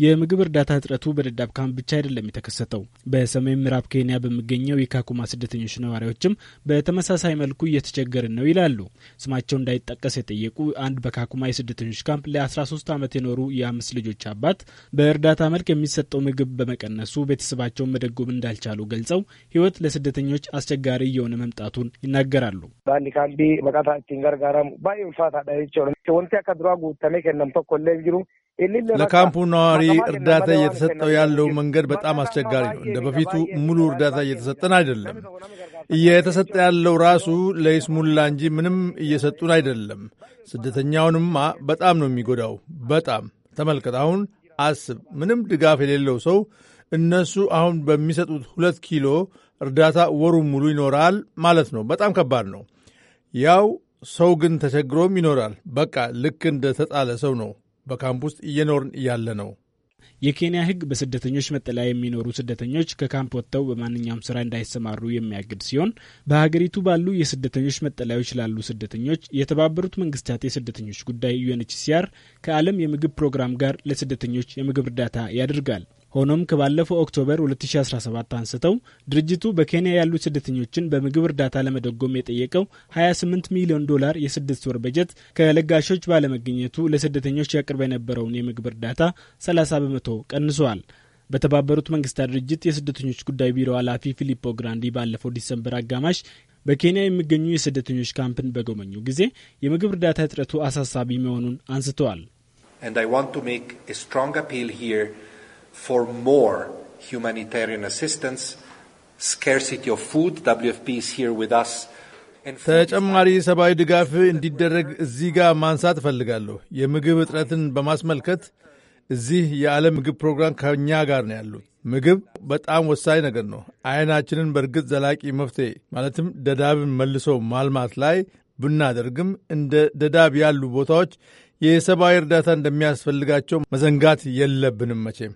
S9: የምግብ እርዳታ እጥረቱ በደዳብ ካምፕ ብቻ አይደለም የተከሰተው። በሰሜን ምዕራብ ኬንያ በሚገኘው የካኩማ ስደተኞች ነዋሪዎችም በተመሳሳይ መልኩ እየተቸገርን ነው ይላሉ። ስማቸው እንዳይጠቀስ የጠየቁ አንድ በካኩማ የስደተኞች ካምፕ ለ13 ዓመት የኖሩ የአምስት ልጆች አባት በእርዳታ መልክ የሚሰጠው ምግብ በመቀነሱ ቤተሰባቸውን መደጎም እንዳልቻሉ ገልጸው ህይወት ለስደተኞች አስቸጋሪ እየሆነ መምጣቱን ይናገራሉ።
S10: ባንዲካምቢ መቃታችን ጋርጋራ ባይ ልፋት አዳይቸው ወንቲ አካድሯ ጉተሜ ከነም ተኮሌ ጅሩ ለካምፑ ነዋሪ እርዳታ እየተሰጠው
S3: ያለው መንገድ በጣም አስቸጋሪ ነው። እንደ በፊቱ ሙሉ እርዳታ እየተሰጠን አይደለም። እየተሰጠ ያለው ራሱ ለይስሙላ እንጂ ምንም እየሰጡን አይደለም። ስደተኛውንማ በጣም ነው የሚጎዳው። በጣም ተመልከት። አሁን አስብ፣ ምንም ድጋፍ የሌለው ሰው እነሱ አሁን በሚሰጡት ሁለት ኪሎ እርዳታ ወሩን ሙሉ ይኖራል ማለት ነው። በጣም ከባድ ነው። ያው ሰው ግን ተቸግሮም ይኖራል። በቃ ልክ እንደ ተጣለ ሰው ነው በካምፕ ውስጥ እየኖርን እያለ ነው።
S9: የኬንያ ሕግ በስደተኞች መጠለያ የሚኖሩ ስደተኞች ከካምፕ ወጥተው በማንኛውም ስራ እንዳይሰማሩ የሚያግድ ሲሆን በሀገሪቱ ባሉ የስደተኞች መጠለያዎች ላሉ ስደተኞች የተባበሩት መንግስታት የስደተኞች ጉዳይ ዩኤንኤችሲአር ከዓለም የምግብ ፕሮግራም ጋር ለስደተኞች የምግብ እርዳታ ያደርጋል። ሆኖም ከባለፈው ኦክቶበር 2017 አንስተው ድርጅቱ በኬንያ ያሉ ስደተኞችን በምግብ እርዳታ ለመደጎም የጠየቀው 28 ሚሊዮን ዶላር የስድስት ወር በጀት ከለጋሾች ባለመገኘቱ ለስደተኞች ያቅርብ የነበረውን የምግብ እርዳታ 30 በመቶ ቀንሷል። በተባበሩት መንግስታት ድርጅት የስደተኞች ጉዳይ ቢሮ ኃላፊ ፊሊፖ ግራንዲ ባለፈው ዲሰምበር አጋማሽ በኬንያ የሚገኙ የስደተኞች ካምፕን በጎበኙ ጊዜ የምግብ እርዳታ እጥረቱ አሳሳቢ መሆኑን አንስተዋል።
S3: for more humanitarian assistance, scarcity of food. WFP is here with us. ተጨማሪ ሰብአዊ ድጋፍ እንዲደረግ እዚህ ጋር ማንሳት እፈልጋለሁ። የምግብ እጥረትን በማስመልከት እዚህ የዓለም ምግብ ፕሮግራም ከእኛ ጋር ነው ያሉት። ምግብ በጣም ወሳኝ ነገር ነው። አይናችንን በእርግጥ ዘላቂ መፍትሄ ማለትም ደዳብን መልሶ ማልማት ላይ ብናደርግም እንደ ደዳብ ያሉ ቦታዎች የሰብአዊ እርዳታ እንደሚያስፈልጋቸው መዘንጋት የለብንም መቼም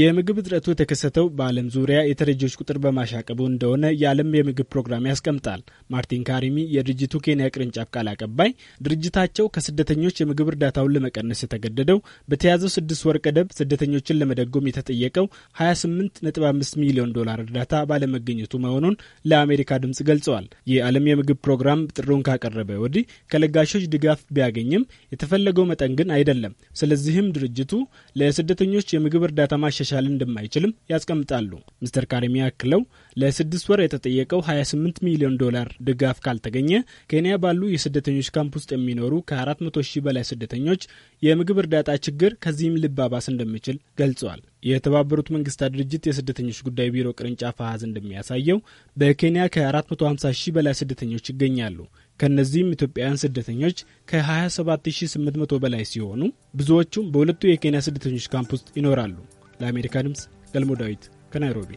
S9: የምግብ እጥረቱ የተከሰተው በዓለም ዙሪያ የተረጂዎች ቁጥር በማሻቀቡ እንደሆነ የዓለም የምግብ ፕሮግራም ያስቀምጣል። ማርቲን ካሪሚ የድርጅቱ ኬንያ ቅርንጫፍ ቃል አቀባይ ድርጅታቸው ከስደተኞች የምግብ እርዳታውን ለመቀነስ የተገደደው በተያዘው ስድስት ወር ቀደብ ስደተኞችን ለመደጎም የተጠየቀው 28.5 ሚሊዮን ዶላር እርዳታ ባለመገኘቱ መሆኑን ለአሜሪካ ድምፅ ገልጸዋል። የዓለም የምግብ ፕሮግራም ጥሩን ካቀረበ ወዲህ ከለጋሾች ድጋፍ ቢያገኝም የተፈለገው መጠን ግን አይደለም። ስለዚህም ድርጅቱ ለስደተኞች የምግብ እርዳታ ማሻ መሻሻል እንደማይችልም ያስቀምጣሉ። ሚስተር ካሪሚ ያክለው ለስድስት ወር የተጠየቀው 28 ሚሊዮን ዶላር ድጋፍ ካልተገኘ ኬንያ ባሉ የስደተኞች ካምፕ ውስጥ የሚኖሩ ከ400 ሺህ በላይ ስደተኞች የምግብ እርዳታ ችግር ከዚህም ልባባስ እንደሚችል ገልጸዋል። የተባበሩት መንግስታት ድርጅት የስደተኞች ጉዳይ ቢሮ ቅርንጫፍ አሃዝ እንደሚያሳየው በኬንያ ከ450 ሺህ በላይ ስደተኞች ይገኛሉ። ከእነዚህም ኢትዮጵያውያን ስደተኞች ከ27800 በላይ ሲሆኑ ብዙዎቹም በሁለቱ የኬንያ ስደተኞች ካምፕ ውስጥ ይኖራሉ። ለአሜሪካ ድምፅ ገልሞ ዳዊት ከናይሮቢ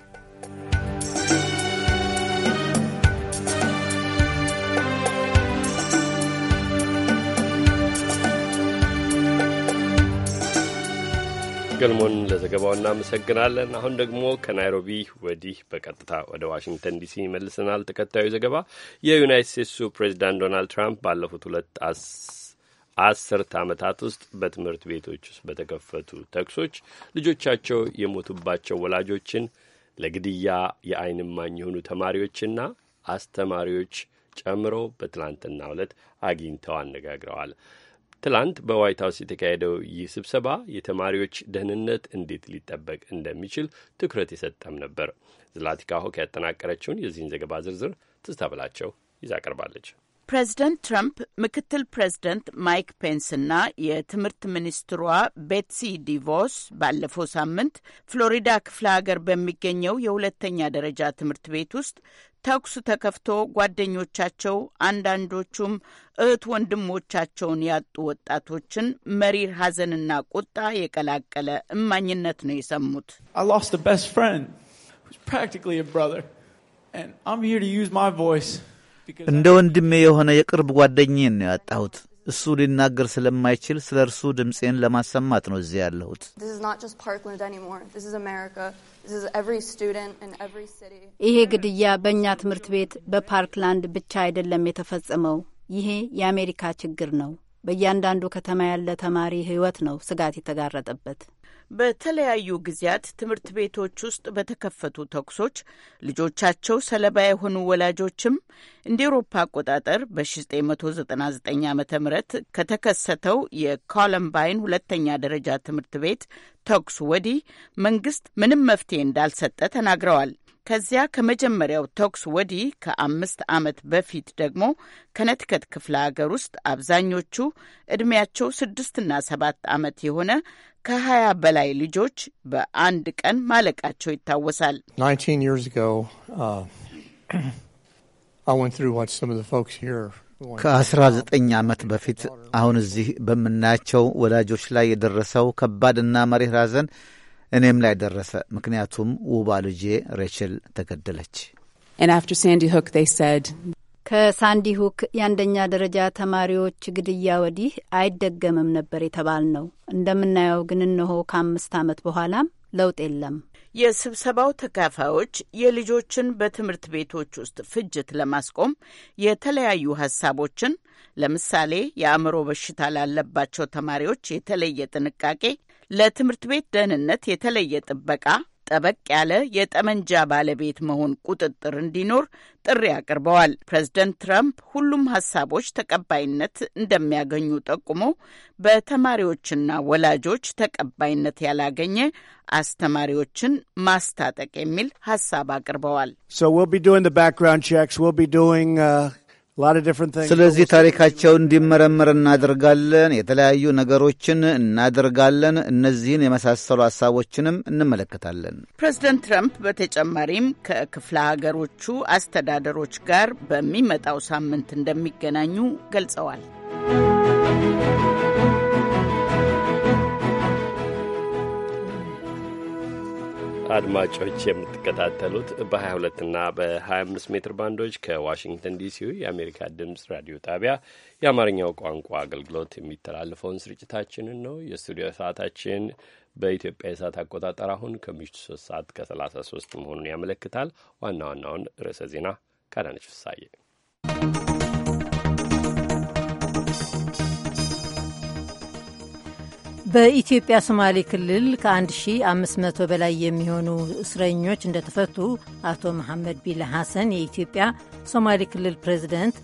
S1: ገልሞን ለዘገባው እናመሰግናለን። አሁን ደግሞ ከናይሮቢ ወዲህ በቀጥታ ወደ ዋሽንግተን ዲሲ ይመልሰናል። ተከታዩ ዘገባ የዩናይት ስቴትሱ ፕሬዚዳንት ዶናልድ ትራምፕ ባለፉት ሁለት አስርት ዓመታት ውስጥ በትምህርት ቤቶች ውስጥ በተከፈቱ ተኩሶች ልጆቻቸው የሞቱባቸው ወላጆችን ለግድያ የዓይን እማኝ የሆኑ ተማሪዎችና አስተማሪዎች ጨምሮ በትላንትና ዕለት አግኝተው አነጋግረዋል። ትላንት በዋይት ሀውስ የተካሄደው ይህ ስብሰባ የተማሪዎች ደህንነት እንዴት ሊጠበቅ እንደሚችል ትኩረት የሰጠም ነበር። ዝላቲካ ሆክ ያጠናቀረችውን የዚህን ዘገባ ዝርዝር ትስታ ብላቸው ይዛ ቀርባለች።
S7: ፕሬዝደንት ትራምፕ ምክትል ፕሬዝደንት ማይክ ፔንስና የትምህርት ሚኒስትሯ ቤትሲ ዲቮስ ባለፈው ሳምንት ፍሎሪዳ ክፍለ ሀገር በሚገኘው የሁለተኛ ደረጃ ትምህርት ቤት ውስጥ ተኩስ ተከፍቶ ጓደኞቻቸው አንዳንዶቹም እህት ወንድሞቻቸውን ያጡ ወጣቶችን መሪር ሐዘንና ቁጣ የቀላቀለ እማኝነት ነው የሰሙት። ፕራክቲካሊ ብራዘር እንደ
S4: ወንድሜ የሆነ የቅርብ ጓደኝን ነው ያጣሁት። እሱ ሊናገር ስለማይችል ስለ እርሱ ድምፄን ለማሰማት ነው እዚህ ያለሁት።
S5: ይሄ ግድያ በእኛ ትምህርት ቤት በፓርክላንድ ብቻ አይደለም የተፈጸመው። ይሄ የአሜሪካ ችግር ነው። በእያንዳንዱ ከተማ ያለ ተማሪ ህይወት ነው ስጋት የተጋረጠበት።
S7: በተለያዩ ጊዜያት ትምህርት ቤቶች ውስጥ በተከፈቱ ተኩሶች ልጆቻቸው ሰለባ የሆኑ ወላጆችም እንደ ኤሮፓ አቆጣጠር በ1999 ዓ ም ከተከሰተው የኮለምባይን ሁለተኛ ደረጃ ትምህርት ቤት ተኩስ ወዲህ መንግስት ምንም መፍትሄ እንዳልሰጠ ተናግረዋል። ከዚያ ከመጀመሪያው ተኩስ ወዲህ ከአምስት ዓመት በፊት ደግሞ ከነትከት ክፍለ ሀገር ውስጥ አብዛኞቹ ዕድሜያቸው ስድስትና ሰባት ዓመት የሆነ ከሀያ በላይ ልጆች በአንድ ቀን ማለቃቸው ይታወሳል
S2: uh, ከአስራ
S4: ከ19 ዓመት በፊት አሁን እዚህ በምናያቸው ወላጆች ላይ የደረሰው ከባድና መሪር ሐዘን እኔም ላይ ደረሰ። ምክንያቱም ውባ ልጄ ሬችል ተገደለች።
S5: ከሳንዲ ሁክ የአንደኛ ደረጃ ተማሪዎች ግድያ ወዲህ አይደገምም ነበር የተባል ነው። እንደምናየው ግን እነሆ ከአምስት ዓመት በኋላም ለውጥ የለም።
S7: የስብሰባው ተካፋዮች የልጆችን በትምህርት ቤቶች ውስጥ ፍጅት ለማስቆም የተለያዩ ሀሳቦችን ለምሳሌ የአእምሮ በሽታ ላለባቸው ተማሪዎች የተለየ ጥንቃቄ ለትምህርት ቤት ደህንነት የተለየ ጥበቃ፣ ጠበቅ ያለ የጠመንጃ ባለቤት መሆን ቁጥጥር እንዲኖር ጥሪ አቅርበዋል። ፕሬዝደንት ትራምፕ ሁሉም ሀሳቦች ተቀባይነት እንደሚያገኙ ጠቁሞ በተማሪዎችና ወላጆች ተቀባይነት ያላገኘ አስተማሪዎችን ማስታጠቅ የሚል ሀሳብ አቅርበዋል።
S4: ስለዚህ ታሪካቸው እንዲመረመር እናደርጋለን። የተለያዩ ነገሮችን እናደርጋለን። እነዚህን የመሳሰሉ ሀሳቦችንም እንመለከታለን።
S7: ፕሬዚደንት ትራምፕ በተጨማሪም ከክፍለ ሀገሮቹ አስተዳደሮች ጋር በሚመጣው ሳምንት እንደሚገናኙ ገልጸዋል።
S1: አድማጮች የምትከታተሉት በ22 እና በ25 ሜትር ባንዶች ከዋሽንግተን ዲሲ የአሜሪካ ድምፅ ራዲዮ ጣቢያ የአማርኛው ቋንቋ አገልግሎት የሚተላለፈውን ስርጭታችንን ነው። የስቱዲዮ ሰዓታችን በኢትዮጵያ የሰዓት አቆጣጠር አሁን ከምሽቱ 3 ሰዓት ከ33 መሆኑን ያመለክታል። ዋና ዋናውን ርዕሰ ዜና ካዳነች ፍሳዬ
S2: በኢትዮጵያ ሶማሌ ክልል ከ1500 በላይ የሚሆኑ እስረኞች እንደተፈቱ አቶ መሐመድ ቢል ሐሰን የኢትዮጵያ ሶማሌ ክልል ፕሬዚደንት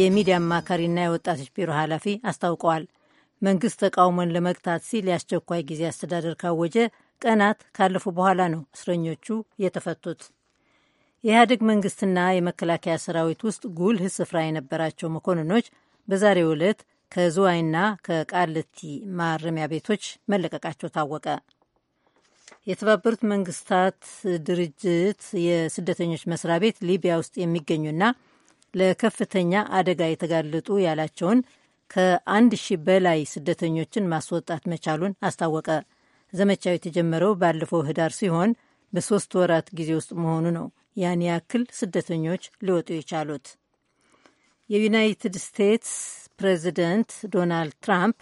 S2: የሚዲያ አማካሪና የወጣቶች ቢሮ ኃላፊ አስታውቀዋል። መንግሥት ተቃውሞን ለመግታት ሲል የአስቸኳይ ጊዜ አስተዳደር ካወጀ ቀናት ካለፉ በኋላ ነው እስረኞቹ የተፈቱት። የኢህአዴግ መንግሥትና የመከላከያ ሰራዊት ውስጥ ጉልህ ስፍራ የነበራቸው መኮንኖች በዛሬው ዕለት ከዝዋይና ከቃልቲ ማረሚያ ቤቶች መለቀቃቸው ታወቀ። የተባበሩት መንግስታት ድርጅት የስደተኞች መስሪያ ቤት ሊቢያ ውስጥ የሚገኙና ለከፍተኛ አደጋ የተጋለጡ ያላቸውን ከአንድ ሺህ በላይ ስደተኞችን ማስወጣት መቻሉን አስታወቀ። ዘመቻው የተጀመረው ባለፈው ህዳር ሲሆን በሶስት ወራት ጊዜ ውስጥ መሆኑ ነው። ያን ያክል ስደተኞች ሊወጡ የቻሉት የዩናይትድ ስቴትስ ፕሬዚደንት ዶናልድ ትራምፕ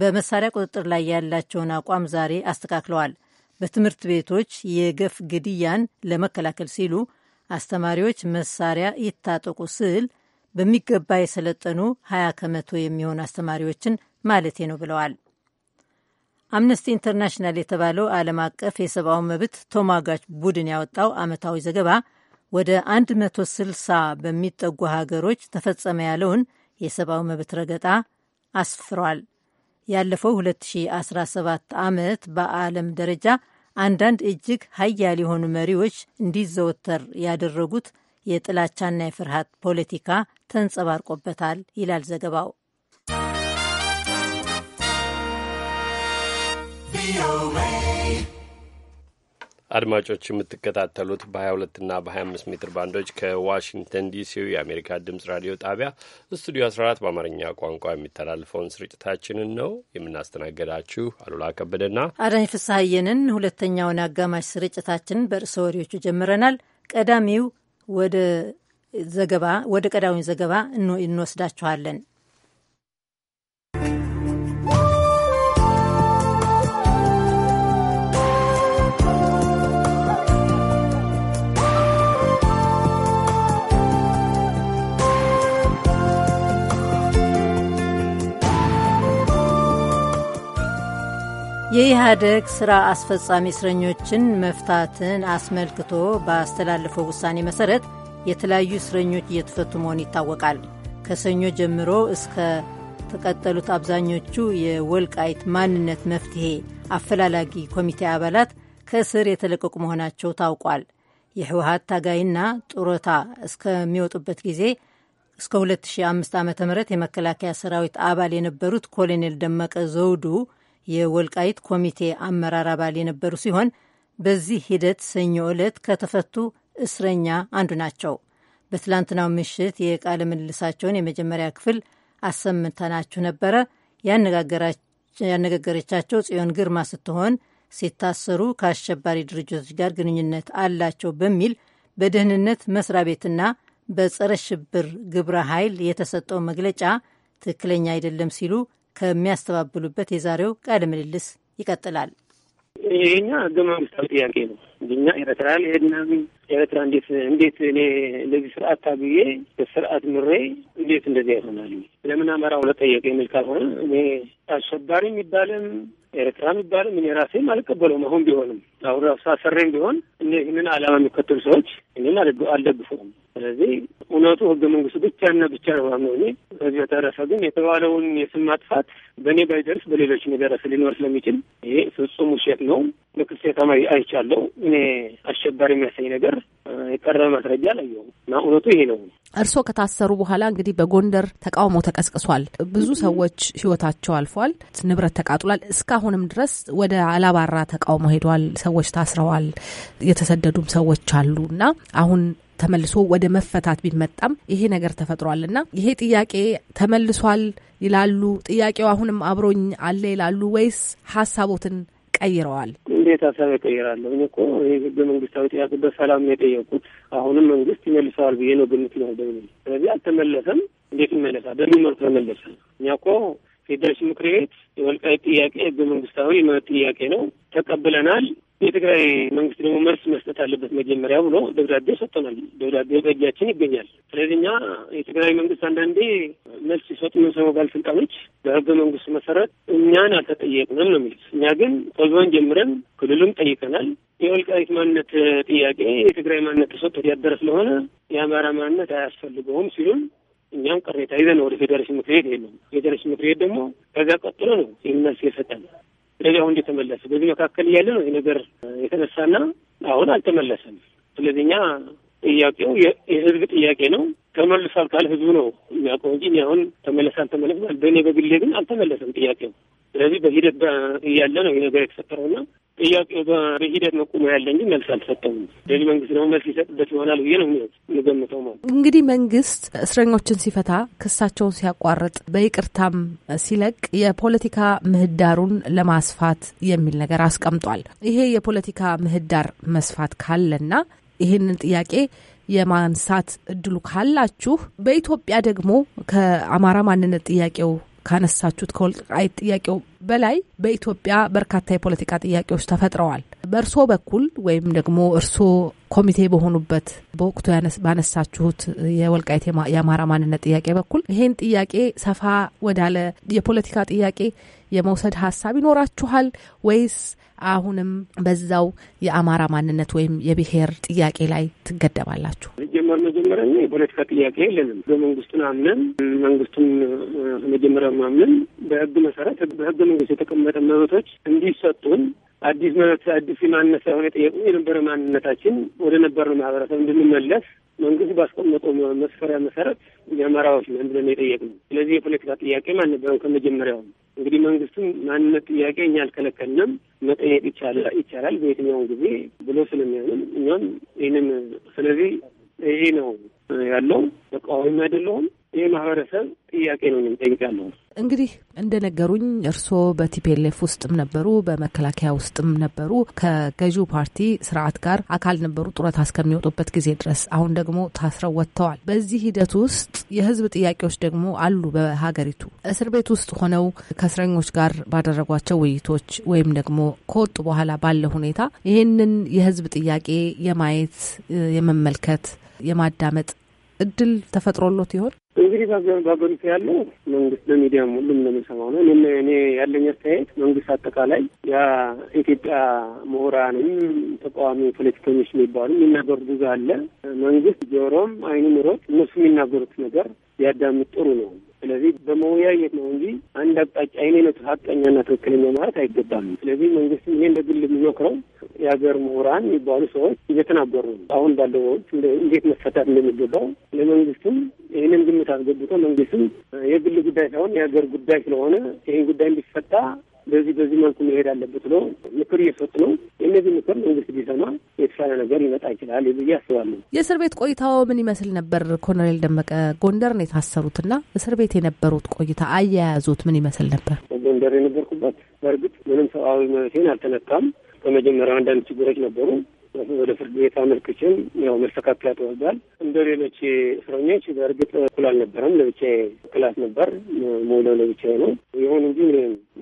S2: በመሳሪያ ቁጥጥር ላይ ያላቸውን አቋም ዛሬ አስተካክለዋል። በትምህርት ቤቶች የገፍ ግድያን ለመከላከል ሲሉ አስተማሪዎች መሳሪያ ይታጠቁ ስል በሚገባ የሰለጠኑ 20 ከመቶ የሚሆኑ አስተማሪዎችን ማለቴ ነው ብለዋል። አምነስቲ ኢንተርናሽናል የተባለው ዓለም አቀፍ የሰብአዊ መብት ተሟጋች ቡድን ያወጣው ዓመታዊ ዘገባ ወደ 160 በሚጠጉ ሀገሮች ተፈጸመ ያለውን የሰብአዊ መብት ረገጣ አስፍሯል። ያለፈው 2017 ዓመት በዓለም ደረጃ አንዳንድ እጅግ ሀያል የሆኑ መሪዎች እንዲዘወተር ያደረጉት የጥላቻና የፍርሃት ፖለቲካ ተንጸባርቆበታል ይላል ዘገባው።
S8: ቪኦኤ
S1: አድማጮች የምትከታተሉት በ22ና በ25 ሜትር ባንዶች ከዋሽንግተን ዲሲው የአሜሪካ ድምጽ ራዲዮ ጣቢያ ስቱዲዮ 14 በአማርኛ ቋንቋ የሚተላልፈውን ስርጭታችንን ነው የምናስተናገዳችሁ አሉላ ከበደና
S2: አዳኝ ፍስሐየንን። ሁለተኛውን አጋማሽ ስርጭታችንን በርዕሰ ወሬዎቹ ጀምረናል። ቀዳሚው ወደ ዘገባ ወደ ቀዳሚው ዘገባ እንወስዳችኋለን። የኢህአደግ ስራ አስፈጻሚ እስረኞችን መፍታትን አስመልክቶ ባስተላለፈው ውሳኔ መሠረት የተለያዩ እስረኞች እየተፈቱ መሆኑ ይታወቃል። ከሰኞ ጀምሮ እስከ ተቀጠሉት አብዛኞቹ የወልቃይት ማንነት መፍትሄ አፈላላጊ ኮሚቴ አባላት ከእስር የተለቀቁ መሆናቸው ታውቋል። የህወሀት ታጋይና ጡረታ እስከሚወጡበት ጊዜ እስከ 2005 ዓ ም የመከላከያ ሰራዊት አባል የነበሩት ኮሎኔል ደመቀ ዘውዱ የወልቃይት ኮሚቴ አመራር አባል የነበሩ ሲሆን በዚህ ሂደት ሰኞ ዕለት ከተፈቱ እስረኛ አንዱ ናቸው። በትላንትናው ምሽት የቃለ ምልልሳቸውን የመጀመሪያ ክፍል አሰምተናችሁ ነበረ። ያነጋገረቻቸው ጽዮን ግርማ ስትሆን ሲታሰሩ ከአሸባሪ ድርጅቶች ጋር ግንኙነት አላቸው በሚል በደህንነት መስሪያ ቤትና በጸረ ሽብር ግብረ ኃይል የተሰጠው መግለጫ ትክክለኛ አይደለም ሲሉ ከሚያስተባብሉበት የዛሬው ቃለ ምልልስ ይቀጥላል።
S10: ይሄኛ ህገ መንግስታዊ ጥያቄ ነው። እኛ ኤርትራ ሄድናም ኤርትራ እንዴት እንዴት እኔ ለዚህ ስርአት ታግዬ በስርአት ምሬ እንዴት እንደዚያ ይሆናል? ለምን አማራው ለጠየቀ የሚል ካልሆነ እኔ አሸባሪ የሚባልም ኤርትራ የሚባልም እኔ ራሴም አልቀበለውም። አሁን ቢሆንም አሁን ራሱ አሰሬም ቢሆን እኔ ይህንን አላማ የሚከተሉ ሰዎች እኔም አልደግፈውም። ስለዚህ እውነቱ ህገ መንግስቱ ብቻና ብቻ ነው። እኔ በዚህ በተረፈ ግን የተባለውን የስም ማጥፋት በእኔ ባይደርስ በሌሎች የደረሰ ሊኖር ስለሚችል ይሄ ፍጹም ውሸት ነው። ምክር የተማሪ አይቻለው እኔ አሸባሪ የሚያሳይ ነገር የቀረበ ማስረጃ አላየሁም እና እውነቱ ይሄ ነው።
S11: እርስዎ ከታሰሩ በኋላ እንግዲህ በጎንደር ተቃውሞ ተቀስቅሷል። ብዙ ሰዎች ህይወታቸው አልፏል። ንብረት ተቃጥሏል። እስካሁንም ድረስ ወደ አላባራ ተቃውሞ ሄዷል። ሰዎች ታስረዋል። የተሰደዱም ሰዎች አሉ እና አሁን ተመልሶ ወደ መፈታት ቢመጣም ይሄ ነገር ተፈጥሯል እና ይሄ ጥያቄ ተመልሷል ይላሉ። ጥያቄው አሁንም አብሮኝ አለ ይላሉ ወይስ ሀሳቦትን ቀይረዋል?
S10: እንዴት ሀሳብ ይቀይራለሁ? እኔ እኮ ይህ መንግስታዊ ጥያቄ በሰላም ነው የጠየቁት። አሁንም መንግስት ይመልሰዋል ብዬ ነው ግምት ነው። ስለዚህ አልተመለሰም። እንዴት ይመለሳል? በምን መልኩ ተመለሰ? እኛ እኮ ፌዴሬሽን ምክር ቤት የወልቃይት ጥያቄ ህገ መንግስታዊ ጥያቄ ነው፣ ተቀብለናል። የትግራይ መንግስት ደግሞ መልስ መስጠት አለበት መጀመሪያ ብሎ ደብዳቤ ሰጥተናል። ደብዳቤ በእጃችን ይገኛል። ስለዚህ እኛ የትግራይ መንግስት አንዳንዴ መልስ ሲሰጡ የምንሰማው ባለስልጣኖች በህገ መንግስቱ መሰረት እኛን አልተጠየቅንም ነው የሚሉት። እኛ ግን ቶልበን ጀምረን ክልሉም ጠይቀናል። የወልቃይት ማንነት ጥያቄ የትግራይ ማንነት ተሰጥቶት ያደረ ስለሆነ የአማራ ማንነት አያስፈልገውም ሲሉን እኛም ቅሬታ ይዘን ወደ ፌዴሬሽን ምክር ቤት የለም። ፌዴሬሽን ምክር ቤት ደግሞ ከዚያ ቀጥሎ ነው ይህ መልስ የሰጠን። ስለዚህ አሁን እንደተመለሰ በዚህ መካከል እያለ ነው ይህ ነገር የተነሳና አሁን አልተመለሰም። ስለዚህ እኛ ጥያቄው የህዝብ ጥያቄ ነው። ተመልሷል ካለ ህዝቡ ነው የሚያውቀው እንጂ አሁን ተመለሰ አልተመለሰም፣ በእኔ በግሌ ግን አልተመለሰም ጥያቄው። ስለዚህ በሂደት እያለ ነው ይህ ነገር የተፈጠረውና ጥያቄ በሂደት ነው ቁሞ ያለ እንጂ መልስ አልሰጠውም። ለዚህ መንግስት ደግሞ መልስ ይሰጥበት ይሆናል ብዬ ነው የምገምተው። ማለት
S11: እንግዲህ መንግስት እስረኞችን ሲፈታ፣ ክሳቸውን ሲያቋርጥ፣ በይቅርታም ሲለቅ የፖለቲካ ምህዳሩን ለማስፋት የሚል ነገር አስቀምጧል። ይሄ የፖለቲካ ምህዳር መስፋት ካለና ይህንን ጥያቄ የማንሳት እድሉ ካላችሁ በኢትዮጵያ ደግሞ ከአማራ ማንነት ጥያቄው ካነሳችሁት ከወልቃይት ጥያቄው በላይ በኢትዮጵያ በርካታ የፖለቲካ ጥያቄዎች ተፈጥረዋል። በእርሶ በኩል ወይም ደግሞ እርሶ ኮሚቴ በሆኑበት በወቅቱ ባነሳችሁት የወልቃይት የአማራ ማንነት ጥያቄ በኩል ይህን ጥያቄ ሰፋ ወዳለ የፖለቲካ ጥያቄ የመውሰድ ሀሳብ ይኖራችኋል ወይስ አሁንም በዛው የአማራ ማንነት ወይም የብሔር ጥያቄ ላይ ትገደባላችሁ?
S10: መጀመር መጀመሪያ የፖለቲካ ጥያቄ የለንም። በመንግስቱን አምነን መንግስቱን መጀመሪያ ማምነን በህግ መሰረት በህገ መንግስት የተቀመጠ መብቶች እንዲሰጡን አዲስ መብት አዲስ የማንነት ሳይሆን የጠየቁ የነበረ ማንነታችን ወደ ነበርነው ማህበረሰብ እንድንመለስ መንግስት ባስቀመጠው መስፈሪያ መሰረት የአማራዎች ነን ብለን የጠየቅነው። ስለዚህ የፖለቲካ ጥያቄም አልነበረም ከመጀመሪያውም። እንግዲህ መንግስትም ማንነት ጥያቄ እኛ አልከለከልንም፣ መጠየቅ ይቻላል በየትኛውን ጊዜ ብሎ ስለሚያምን እኛም ይህንን ስለዚህ ይሄ ነው ያለው። ተቃዋሚ አይደለሁም። ይህ ማህበረሰብ ጥያቄ ነው የሚጠይቅ ያለው
S11: እንግዲህ እንደነገሩኝ እርስዎ በቲፒኤልኤፍ ውስጥም ነበሩ፣ በመከላከያ ውስጥም ነበሩ። ከገዢው ፓርቲ ስርዓት ጋር አካል ነበሩ ጡረታ እስከሚወጡበት ጊዜ ድረስ። አሁን ደግሞ ታስረው ወጥተዋል። በዚህ ሂደት ውስጥ የህዝብ ጥያቄዎች ደግሞ አሉ። በሀገሪቱ እስር ቤት ውስጥ ሆነው ከእስረኞች ጋር ባደረጓቸው ውይይቶች ወይም ደግሞ ከወጡ በኋላ ባለ ሁኔታ ይህንን የህዝብ ጥያቄ የማየት የመመልከት የማዳመጥ እድል ተፈጥሮሎት ይሆን?
S10: እንግዲህ በሀገሪቱ ያለው መንግስት በሚዲያም ሁሉም ለምንሰማው ነው። እኔ ያለኝ አስተያየት መንግስት አጠቃላይ የኢትዮጵያ ምሁራንም ተቃዋሚ ፖለቲከኞች የሚባሉ የሚናገሩት ብዙ አለ። መንግስት ጆሮም አይኑ ምሮት እነሱ የሚናገሩት ነገር ያዳምጥ ጥሩ ነው። ስለዚህ በመወያየት ነው እንጂ አንድ አቅጣጫ አይኔ ነው ሀቀኛና ትክክለኛ ማለት አይገባም። ስለዚህ መንግስት ይሄ እንደ ግል የሚመክረው የሀገር ምሁራን የሚባሉ ሰዎች እየተናገሩ ነው። አሁን ባለው እንዴት መፈታት እንደሚገባው ለመንግስትም ይህንን ግምት አስገብቶ መንግስትም የግል ጉዳይ ሳይሆን የሀገር ጉዳይ ስለሆነ ይህን ጉዳይ እንዲፈታ በዚህ በዚህ መልኩ መሄድ አለበት ብሎ ምክር እየሰጡ ነው። የእነዚህ ምክር መንግስት ቢሰማ የተሻለ ነገር ይመጣ ይችላል ብዬ አስባለሁ።
S11: የእስር ቤት ቆይታው ምን ይመስል ነበር? ኮሎኔል ደመቀ ጎንደር ነው የታሰሩትና እስር ቤት የነበሩት ቆይታ አያያዙት ምን ይመስል ነበር?
S10: ጎንደር የነበርኩበት በእርግጥ ምንም ሰብአዊ መብቴን አልተነካም። በመጀመሪያ አንዳንድ ችግሮች ነበሩ። ወደ ፍርድ ቤት አመልክቼም ያው መስተካከያ ተወስዷል። እንደ ሌሎች እስረኞች በእርግጥ እኩል አልነበረም። ለብቻዬ ክላስ ነበር መውለው ለብቻዬ ነው። ይሁን እንጂ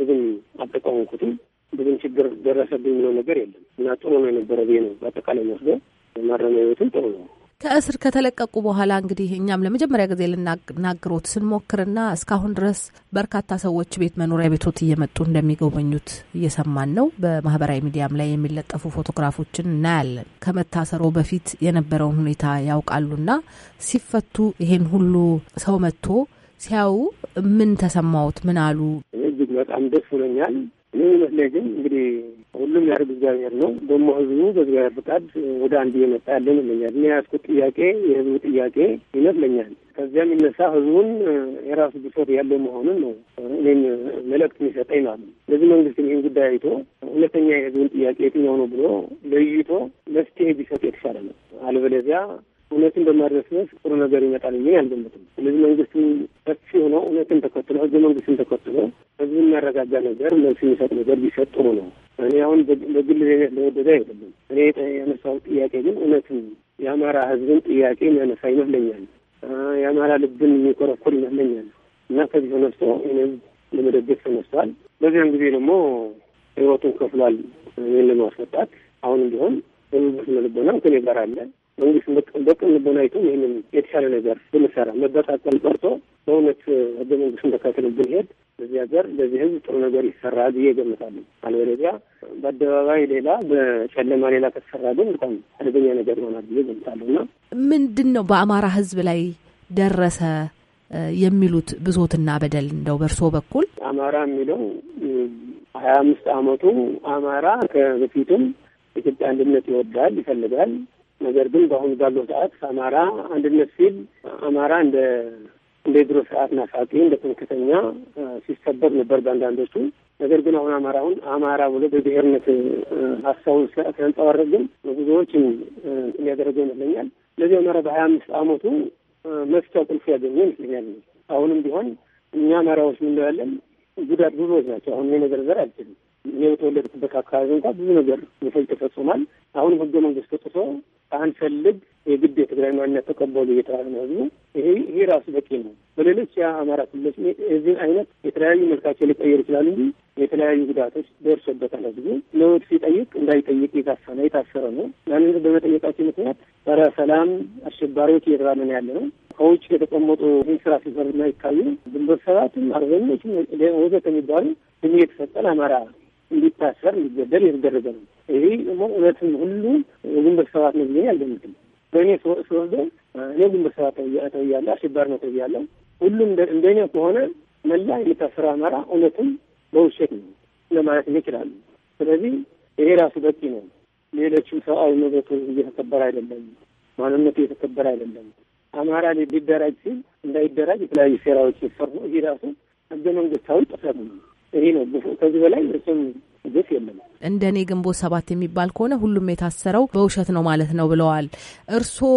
S10: ብዙም አልተቃወምኩትም። ብዙም ችግር ደረሰብኝ የሚለው ነገር የለም እና ጥሩ ነው የነበረ ብዬ ነው በአጠቃላይ መስገ ማረሚያ ቤትም ጥሩ ነው።
S11: ከእስር ከተለቀቁ በኋላ እንግዲህ እኛም ለመጀመሪያ ጊዜ ልናግሮት ስንሞክርና እስካሁን ድረስ በርካታ ሰዎች ቤት መኖሪያ ቤቶት እየመጡ እንደሚጎበኙት እየሰማን ነው። በማህበራዊ ሚዲያም ላይ የሚለጠፉ ፎቶግራፎችን እናያለን። ከመታሰሮ በፊት የነበረውን ሁኔታ ያውቃሉና ሲፈቱ ይሄን ሁሉ ሰው መጥቶ ሲያዩ ምን ተሰማዎት? ምን አሉ?
S10: እጅግ በጣም ደስ ብሎኛል። የሚመስለኝ ግን እንግዲህ ሁሉም ያደርግ እግዚአብሔር ነው። ደግሞ ህዝቡ በእግዚአብሔር ፍቃድ ወደ አንድ እየመጣ ያለ ይመስለኛል። እኔ ያስኩት ጥያቄ የህዝቡ ጥያቄ ይመስለኛል። ከዚያም የሚነሳ ህዝቡን የራሱ ብሶት ያለው መሆኑን ነው እኔም መልእክት የሚሰጠኝ ማለት ነው። ስለዚህ መንግስት ይህን ጉዳይ አይቶ ሁለተኛ የህዝቡን ጥያቄ የትኛው ነው ብሎ ለይቶ መፍትሄ ቢሰጥ የተሻለ ነው። አለበለዚያ እውነትን በማድረስበት ጥሩ ነገር ይመጣል ብዬ አልገምትም። ስለዚህ መንግስቱ ሰፊ ሆነው እውነትን ተከትሎ ህገ መንግስትን ተከትሎ ህዝብ የሚያረጋጋ ነገር መልስ የሚሰጥ ነገር ቢሰጥ ጥሩ ነው። እኔ አሁን በግል ለወደደ አይደለም። እኔ ያነሳው ጥያቄ ግን እውነትን የአማራ ህዝብን ጥያቄ የሚያነሳ ይመስለኛል። የአማራ ልብን የሚኮረኮር ይመስለኛል እና ከዚህ ተነስቶ ይህን ለመደገፍ ተነስቷል። በዚያን ጊዜ ደግሞ ህይወቱን ከፍሏል። ይህን ለማስወጣት አሁንም ቢሆን በመንግስት ልቦና ከኔ ጋር አለ መንግስት በቅን ልቦና አይቶ ይህንን የተሻለ ነገር ብንሰራ መበጣጠል ቀርቶ በእውነት ህገ መንግስቱን ተከትለን ብንሄድ በዚህ ሀገር ለዚህ ህዝብ ጥሩ ነገር ይሰራል ብዬ እገምታለሁ። አለበለዚያ በአደባባይ ሌላ፣ በጨለማ ሌላ ከተሰራ ግን በጣም አደገኛ ነገር ይሆናል ብዬ እገምታለሁ እና
S11: ምንድን ነው በአማራ ህዝብ ላይ ደረሰ የሚሉት ብሶትና በደል እንደው በእርሶ በኩል አማራ
S10: የሚለው ሀያ አምስት አመቱ አማራ ከበፊቱም ኢትዮጵያ አንድነት ይወዳል ይፈልጋል ነገር ግን በአሁኑ ባለው ሰዓት አማራ አንድነት ሲል አማራ እንደ እንደ ድሮ ስርዓት ናፋቂ እንደ ትምክህተኛ ሲሰበር ነበር በአንዳንዶቹ። ነገር ግን አሁን አማራውን አማራ ብሎ በብሔርነት ሀሳቡን ሲያንጸባረቅ ግን ብዙዎችን ሊያደረገው ይመስለኛል። ስለዚህ አማራ በሀያ አምስት አመቱ መፍቻ ቁልፍ ያገኘ ይመስለኛል። አሁንም ቢሆን እኛ አማራዎች ምን እንለዋለን? ጉዳት ብዙዎች ናቸው። አሁን ነገር ዘር አልችልም። እኔ በተወለድኩበት አካባቢ እንኳ ብዙ ነገር ፈጅ ተፈጽሟል። አሁንም ህገ መንግስት ተጥሶ ሳንፈልግ የግድ የትግራይ ማንነት ተቀበሉ እየተባለ ነው ህዝቡ። ይሄ ይሄ ራሱ በቂ ነው። በሌሎች የአማራ ክልሎች የዚህን አይነት የተለያዩ መልካቸው ሊቀየር ይችላል እንጂ የተለያዩ ጉዳቶች ደርሶበታል። ህዝቡ ለወድ ሲጠይቅ እንዳይጠይቅ የታፈነ የታሰረ ነው። ያንን በመጠየቃቸው ምክንያት ጸረ ሰላም አሸባሪዎች እየተባለ ነው ያለ ነው። ከውጭ የተቀመጡ ይህን ስራ ሲሰሩ የማይታዩ ግንቦት ሰባትም አርበኞችም ወዘተ የሚባሉ ስም የተሰጠን አማራ እንዲታሰር እንዲገደል የተደረገ ነው። ይሄ ደግሞ እውነትም ሁሉም የግንቦት ሰባት ነው ብዬ አልገምትም። በእኔ ስወስደው እኔ ግንቦት ሰባት ተብያለሁ፣ አሸባሪ ነው ተብያለሁ። ሁሉም እንደኔ ከሆነ መላ የምታስራ አማራ እውነትም በውሸት ነው ለማለት እኔ ይችላሉ። ስለዚህ ይሄ ራሱ በቂ ነው። ሌሎችም ሰብአዊ መብቱ እየተከበረ አይደለም፣ ማንነቱ እየተከበረ አይደለም። አማራ ሊደራጅ ሲል እንዳይደራጅ የተለያዩ ሴራዎች ይሰሩ። ይሄ ራሱ ህገ መንግስታዊ ጥሰት ነው። ይሄ ነው ከዚህ በላይ እሱም ግፍ የለም።
S11: እንደ እኔ ግንቦት ሰባት የሚባል ከሆነ ሁሉም የታሰረው በውሸት ነው ማለት ነው ብለዋል። እርስዎ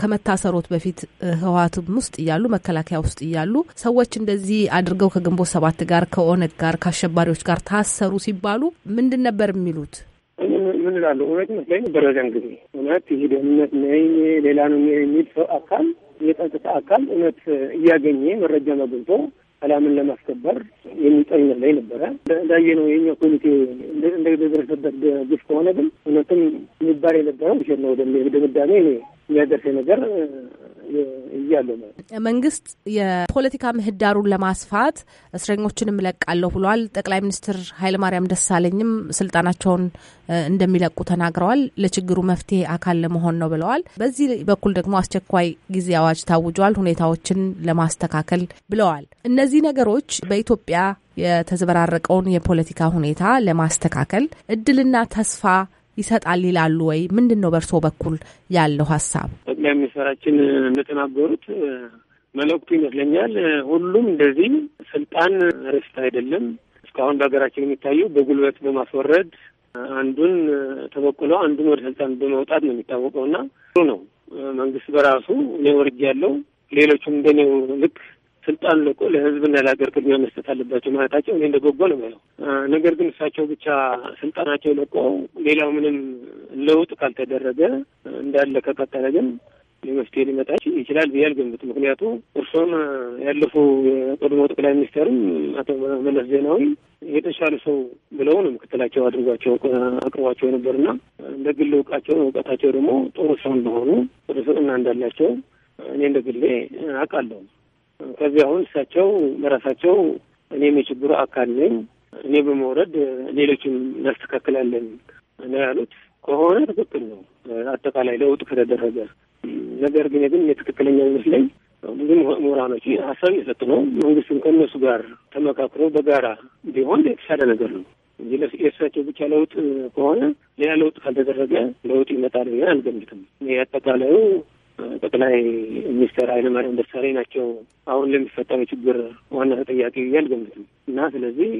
S11: ከመታሰሮት በፊት ህወሓትም ውስጥ እያሉ መከላከያ ውስጥ እያሉ ሰዎች እንደዚህ አድርገው ከግንቦት ሰባት ጋር ከኦነግ ጋር ከአሸባሪዎች ጋር ታሰሩ ሲባሉ ምንድን ነበር የሚሉት?
S10: ምን እላለሁ? እውነት መስለኝ በረዘን ጊዜ እውነት ይህ ደህንነት ነኝ ሌላ ነው የሚል ሰው አካል የጸጥታ አካል እውነት እያገኘ መረጃ መግብቶ ሰላምን ለማስከበር የሚጠኝ ላይ ነበረ። እንዳየ ነው። የኛ ኮሚቴ እንደደረሰበት ግፍ ከሆነ ግን እውነትም የሚባል የነበረው ውሸት ነው ወደሚል ድምዳሜ የሚያደርሰኝ ነገር እያለ ነው።
S11: መንግስት የፖለቲካ ምህዳሩን ለማስፋት እስረኞችንም እለቃለሁ ብሏል። ጠቅላይ ሚኒስትር ኃይለማርያም ደሳለኝም ስልጣናቸውን እንደሚለቁ ተናግረዋል። ለችግሩ መፍትሄ አካል ለመሆን ነው ብለዋል። በዚህ በኩል ደግሞ አስቸኳይ ጊዜ አዋጅ ታውጇል፣ ሁኔታዎችን ለማስተካከል ብለዋል። እነዚህ ነገሮች በኢትዮጵያ የተዘበራረቀውን የፖለቲካ ሁኔታ ለማስተካከል እድልና ተስፋ ይሰጣል ይላሉ ወይ? ምንድን ነው በእርስዎ በኩል ያለው ሀሳብ?
S10: ጠቅላይ ሚኒስትራችን እንደተናገሩት መልእክቱ ይመስለኛል ሁሉም እንደዚህ ስልጣን ርስት አይደለም። እስካሁን በሀገራችን የሚታየው በጉልበት በማስወረድ አንዱን ተበቁሎ አንዱን ወደ ስልጣን በመውጣት ነው የሚታወቀው እና ጥሩ ነው መንግስት በራሱ ኔ ወርጅ ያለው ሌሎቹም እንደኔው ልክ ስልጣን ልቆ ለህዝብና ለሀገር ቅድሚያ መስጠት አለባቸው ማለታቸው እኔ እንደጎጎ ነው ያለው። ነገር ግን እሳቸው ብቻ ስልጣናቸው ለቆ ሌላው ምንም ለውጥ ካልተደረገ እንዳለ ከቀጠለ ግን የመፍትሄ ሊመጣ ይችላል ብዬ አልገምትም። ምክንያቱ እርሶም ያለፉ የቀድሞ ጠቅላይ ሚኒስትርም አቶ መለስ ዜናዊ የተሻሉ ሰው ብለው ነው ምክትላቸው አድርጓቸው አቅርቧቸው ነበርና እንደ ግል እውቃቸው እውቀታቸው ደግሞ ጥሩ ሰው እንደሆኑ ጥሩ ስብዕና እንዳላቸው እኔ እንደ ግሌ አውቃለሁ። ከዚህ አሁን እሳቸው ለራሳቸው እኔም የችግሩ አካል ነኝ፣ እኔ በመውረድ ሌሎችም እናስተካክላለን ነው ያሉት። ከሆነ ትክክል ነው፣ አጠቃላይ ለውጥ ከተደረገ ነገር ግን ግን የትክክለኛ ይመስለኝ ብዙ ምሁራኖች ሀሳብ እየሰጡ ነው። መንግስትም ከእነሱ ጋር ተመካክሮ በጋራ ቢሆን የተሻለ ነገር ነው እንጂ የእሳቸው ብቻ ለውጥ ከሆነ ሌላ ለውጥ ካልተደረገ ለውጥ ይመጣል ብዬ አልገምትም። አጠቃላዩ ጠቅላይ ሚኒስትር ኃይለማርያም ደሳለኝ ናቸው አሁን ለሚፈጠረው ችግር ዋና ተጠያቂ ያልገምትም እና ስለዚህ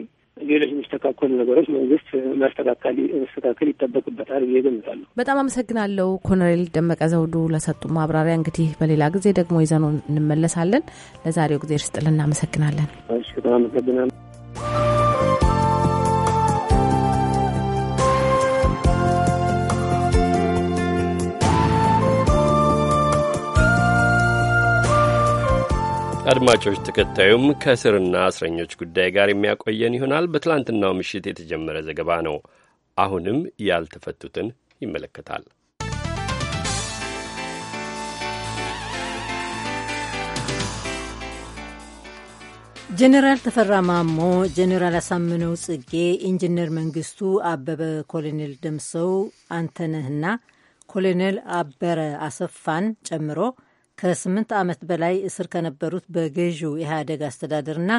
S10: ሌሎች የሚስተካከሉ ነገሮች መንግስት ማስተካከል መስተካከል ይጠበቅበታል ብዬ
S11: ገምታለሁ። በጣም አመሰግናለሁ ኮሎኔል ደመቀ ዘውዱ ለሰጡ ማብራሪያ። እንግዲህ በሌላ ጊዜ ደግሞ ይዘኑ እንመለሳለን። ለዛሬው ጊዜ እርስጥልን እናመሰግናለን።
S10: አመሰግናለሁ።
S1: አድማጮች ተከታዩም ከእስርና እስረኞች ጉዳይ ጋር የሚያቆየን ይሆናል። በትላንትናው ምሽት የተጀመረ ዘገባ ነው። አሁንም ያልተፈቱትን
S2: ይመለከታል። ጀኔራል ተፈራ ማሞ፣ ጀኔራል አሳምነው ጽጌ፣ ኢንጂነር መንግስቱ አበበ፣ ኮሎኔል ደምሰው አንተነህና ኮሎኔል አበረ አሰፋን ጨምሮ ከስምንት ዓመት በላይ እስር ከነበሩት በገዢው ኢህአደግ አስተዳደርና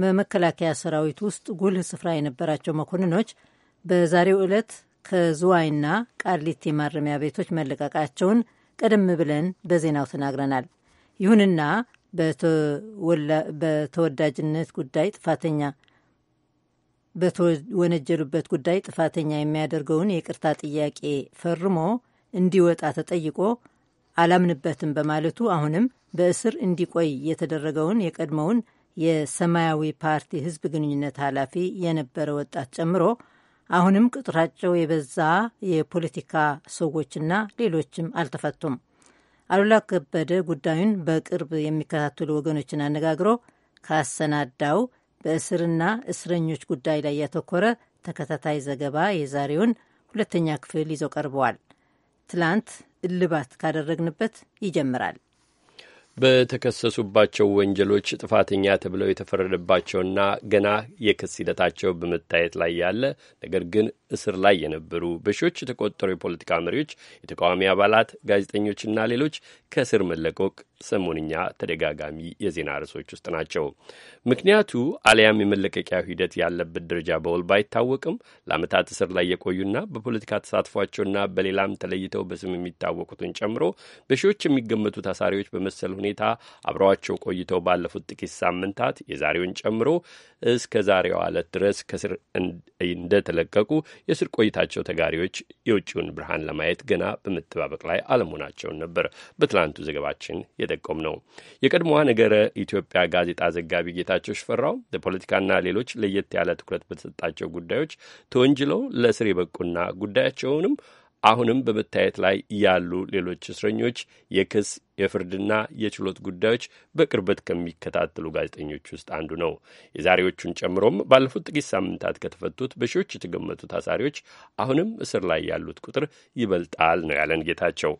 S2: በመከላከያ ሰራዊት ውስጥ ጉልህ ስፍራ የነበራቸው መኮንኖች በዛሬው ዕለት ከዝዋይና ቃሊቲ ማረሚያ ቤቶች መለቀቃቸውን ቀደም ብለን በዜናው ተናግረናል። ይሁንና በተወዳጅነት ጉዳይ ጥፋተኛ በተወነጀሉበት ጉዳይ ጥፋተኛ የሚያደርገውን የቅርታ ጥያቄ ፈርሞ እንዲወጣ ተጠይቆ አላምንበትም በማለቱ አሁንም በእስር እንዲቆይ የተደረገውን የቀድሞውን የሰማያዊ ፓርቲ ህዝብ ግንኙነት ኃላፊ የነበረ ወጣት ጨምሮ አሁንም ቁጥራቸው የበዛ የፖለቲካ ሰዎችና ሌሎችም አልተፈቱም። አሉላ ከበደ ጉዳዩን በቅርብ የሚከታተሉ ወገኖችን አነጋግሮ ካሰናዳው በእስርና እስረኞች ጉዳይ ላይ ያተኮረ ተከታታይ ዘገባ የዛሬውን ሁለተኛ ክፍል ይዘው ቀርበዋል። ትላንት እልባት ካደረግንበት ይጀምራል።
S1: በተከሰሱባቸው ወንጀሎች ጥፋተኛ ተብለው የተፈረደባቸውና ገና የክስ ሂደታቸው በመታየት ላይ ያለ ነገር ግን እስር ላይ የነበሩ በሺዎች የተቆጠሩ የፖለቲካ መሪዎች፣ የተቃዋሚ አባላት፣ ጋዜጠኞችና ሌሎች ከእስር መለቀቅ ሰሞንኛ ተደጋጋሚ የዜና ርዕሶች ውስጥ ናቸው። ምክንያቱ አሊያም የመለቀቂያ ሂደት ያለበት ደረጃ በውል ባይታወቅም ለዓመታት እስር ላይ የቆዩና በፖለቲካ ተሳትፏቸውና በሌላም ተለይተው በስም የሚታወቁትን ጨምሮ በሺዎች የሚገመቱ ታሳሪዎች በመሰል ሁኔታ አብረዋቸው ቆይተው ባለፉት ጥቂት ሳምንታት የዛሬውን ጨምሮ እስከ ዛሬዋ ዕለት ድረስ ከስር እንደተለቀቁ የስር ቆይታቸው ተጋሪዎች የውጭውን ብርሃን ለማየት ገና በመጠባበቅ ላይ አለመሆናቸውን ነበር በትላንቱ ዘገባችን የጠቆም ነው። የቀድሞዋ ነገረ ኢትዮጵያ ጋዜጣ ዘጋቢ ጌታቸው ሽፈራው ለፖለቲካና ሌሎች ለየት ያለ ትኩረት በተሰጣቸው ጉዳዮች ተወንጅለው ለስር የበቁና ጉዳያቸውንም አሁንም በመታየት ላይ ያሉ ሌሎች እስረኞች የክስ የፍርድና የችሎት ጉዳዮች በቅርበት ከሚከታተሉ ጋዜጠኞች ውስጥ አንዱ ነው። የዛሬዎቹን ጨምሮም ባለፉት ጥቂት ሳምንታት ከተፈቱት በሺዎች የተገመቱ ታሳሪዎች አሁንም እስር ላይ ያሉት ቁጥር ይበልጣል ነው ያለን ጌታቸው።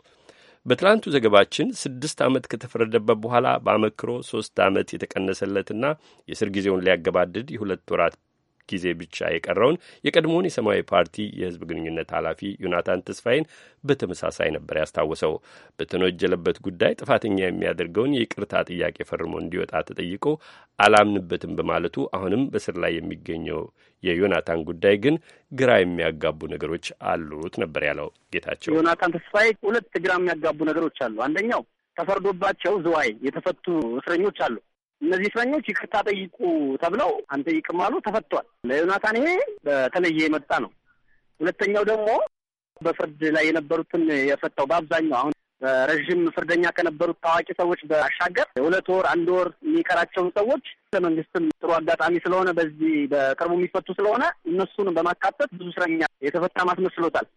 S1: በትላንቱ ዘገባችን ስድስት ዓመት ከተፈረደበት በኋላ በአመክሮ ሶስት ዓመት የተቀነሰለትና የእስር ጊዜውን ሊያገባድድ የሁለት ወራት ጊዜ ብቻ የቀረውን የቀድሞውን የሰማያዊ ፓርቲ የህዝብ ግንኙነት ኃላፊ ዮናታን ተስፋዬን በተመሳሳይ ነበር ያስታወሰው። በተነጀለበት ጉዳይ ጥፋተኛ የሚያደርገውን የይቅርታ ጥያቄ ፈርሞ እንዲወጣ ተጠይቆ አላምንበትም በማለቱ አሁንም በስር ላይ የሚገኘው የዮናታን ጉዳይ ግን ግራ የሚያጋቡ ነገሮች አሉት ነበር ያለው ጌታቸው።
S12: ዮናታን ተስፋዬ ሁለት ግራ የሚያጋቡ ነገሮች አሉ። አንደኛው ተፈርዶባቸው ዝዋይ የተፈቱ እስረኞች አሉ። እነዚህ እስረኞች ይቅርታ ጠይቁ ተብለው አንጠይቅም አሉ። ተፈቷል። ለዮናታን ይሄ በተለየ የመጣ ነው። ሁለተኛው ደግሞ በፍርድ ላይ የነበሩትን የፈታው በአብዛኛው አሁን ረዥም ፍርደኛ ከነበሩት ታዋቂ ሰዎች በአሻገር ሁለት ወር አንድ ወር የሚቀራቸውን ሰዎች ለመንግስትም ጥሩ አጋጣሚ ስለሆነ በዚህ በቅርቡ የሚፈቱ ስለሆነ እነሱን በማካተት ብዙ እስረኛ የተፈታ ማስመስሎታል።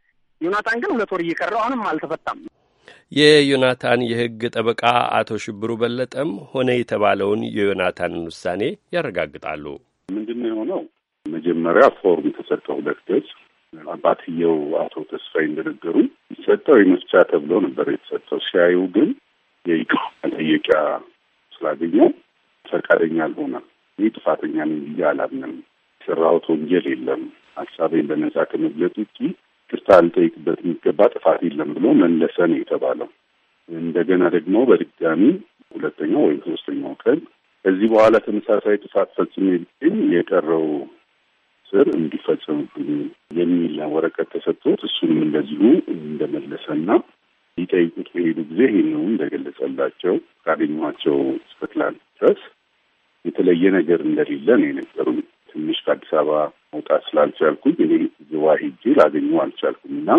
S12: ዮናታን ግን ሁለት ወር እየቀረው አሁንም አልተፈታም።
S1: የዮናታን የሕግ ጠበቃ አቶ ሽብሩ በለጠም ሆነ የተባለውን የዮናታንን ውሳኔ ያረጋግጣሉ።
S12: ምንድን ነው የሆነው?
S8: መጀመሪያ ፎርም ተሰጠው ሁለት ገጽ። አባትየው አቶ ተስፋይ እንደነገሩ ይሰጠው የመፍቻ ተብሎ ነበር የተሰጠው። ሲያዩ ግን የይቅርታ መጠየቂያ ስላገኘው ፈቃደኛ አልሆነም። ይህ ጥፋተኛ ነኝ ብዬ አላምንም፣ የሰራሁት ወንጀል የለም፣ ሀሳቤን በነጻ ከመግለጽ ውጭ ይቅርታ ልጠይቅበት የሚገባ ጥፋት የለም ብሎ መለሰ ነው የተባለው። እንደገና ደግሞ በድጋሚ ሁለተኛው ወይም ሶስተኛው ቀን ከዚህ በኋላ ተመሳሳይ ጥፋት ፈጽሜ ግን የቀረው ስር እንዲፈጸምብኝ የሚል ወረቀት ተሰጥቶት እሱንም እንደዚሁ እንደመለሰና ሊጠይቁት በሄዱ ጊዜ ይህንም እንደገለጸላቸው ካገኟቸው እስከ ድረስ የተለየ ነገር እንደሌለ ነው የነገሩኝ። ትንሽ ከአዲስ አበባ መውጣት ስላልቻልኩኝ እኔ ዝዋ ሄጄ ላገኘው አልቻልኩም እና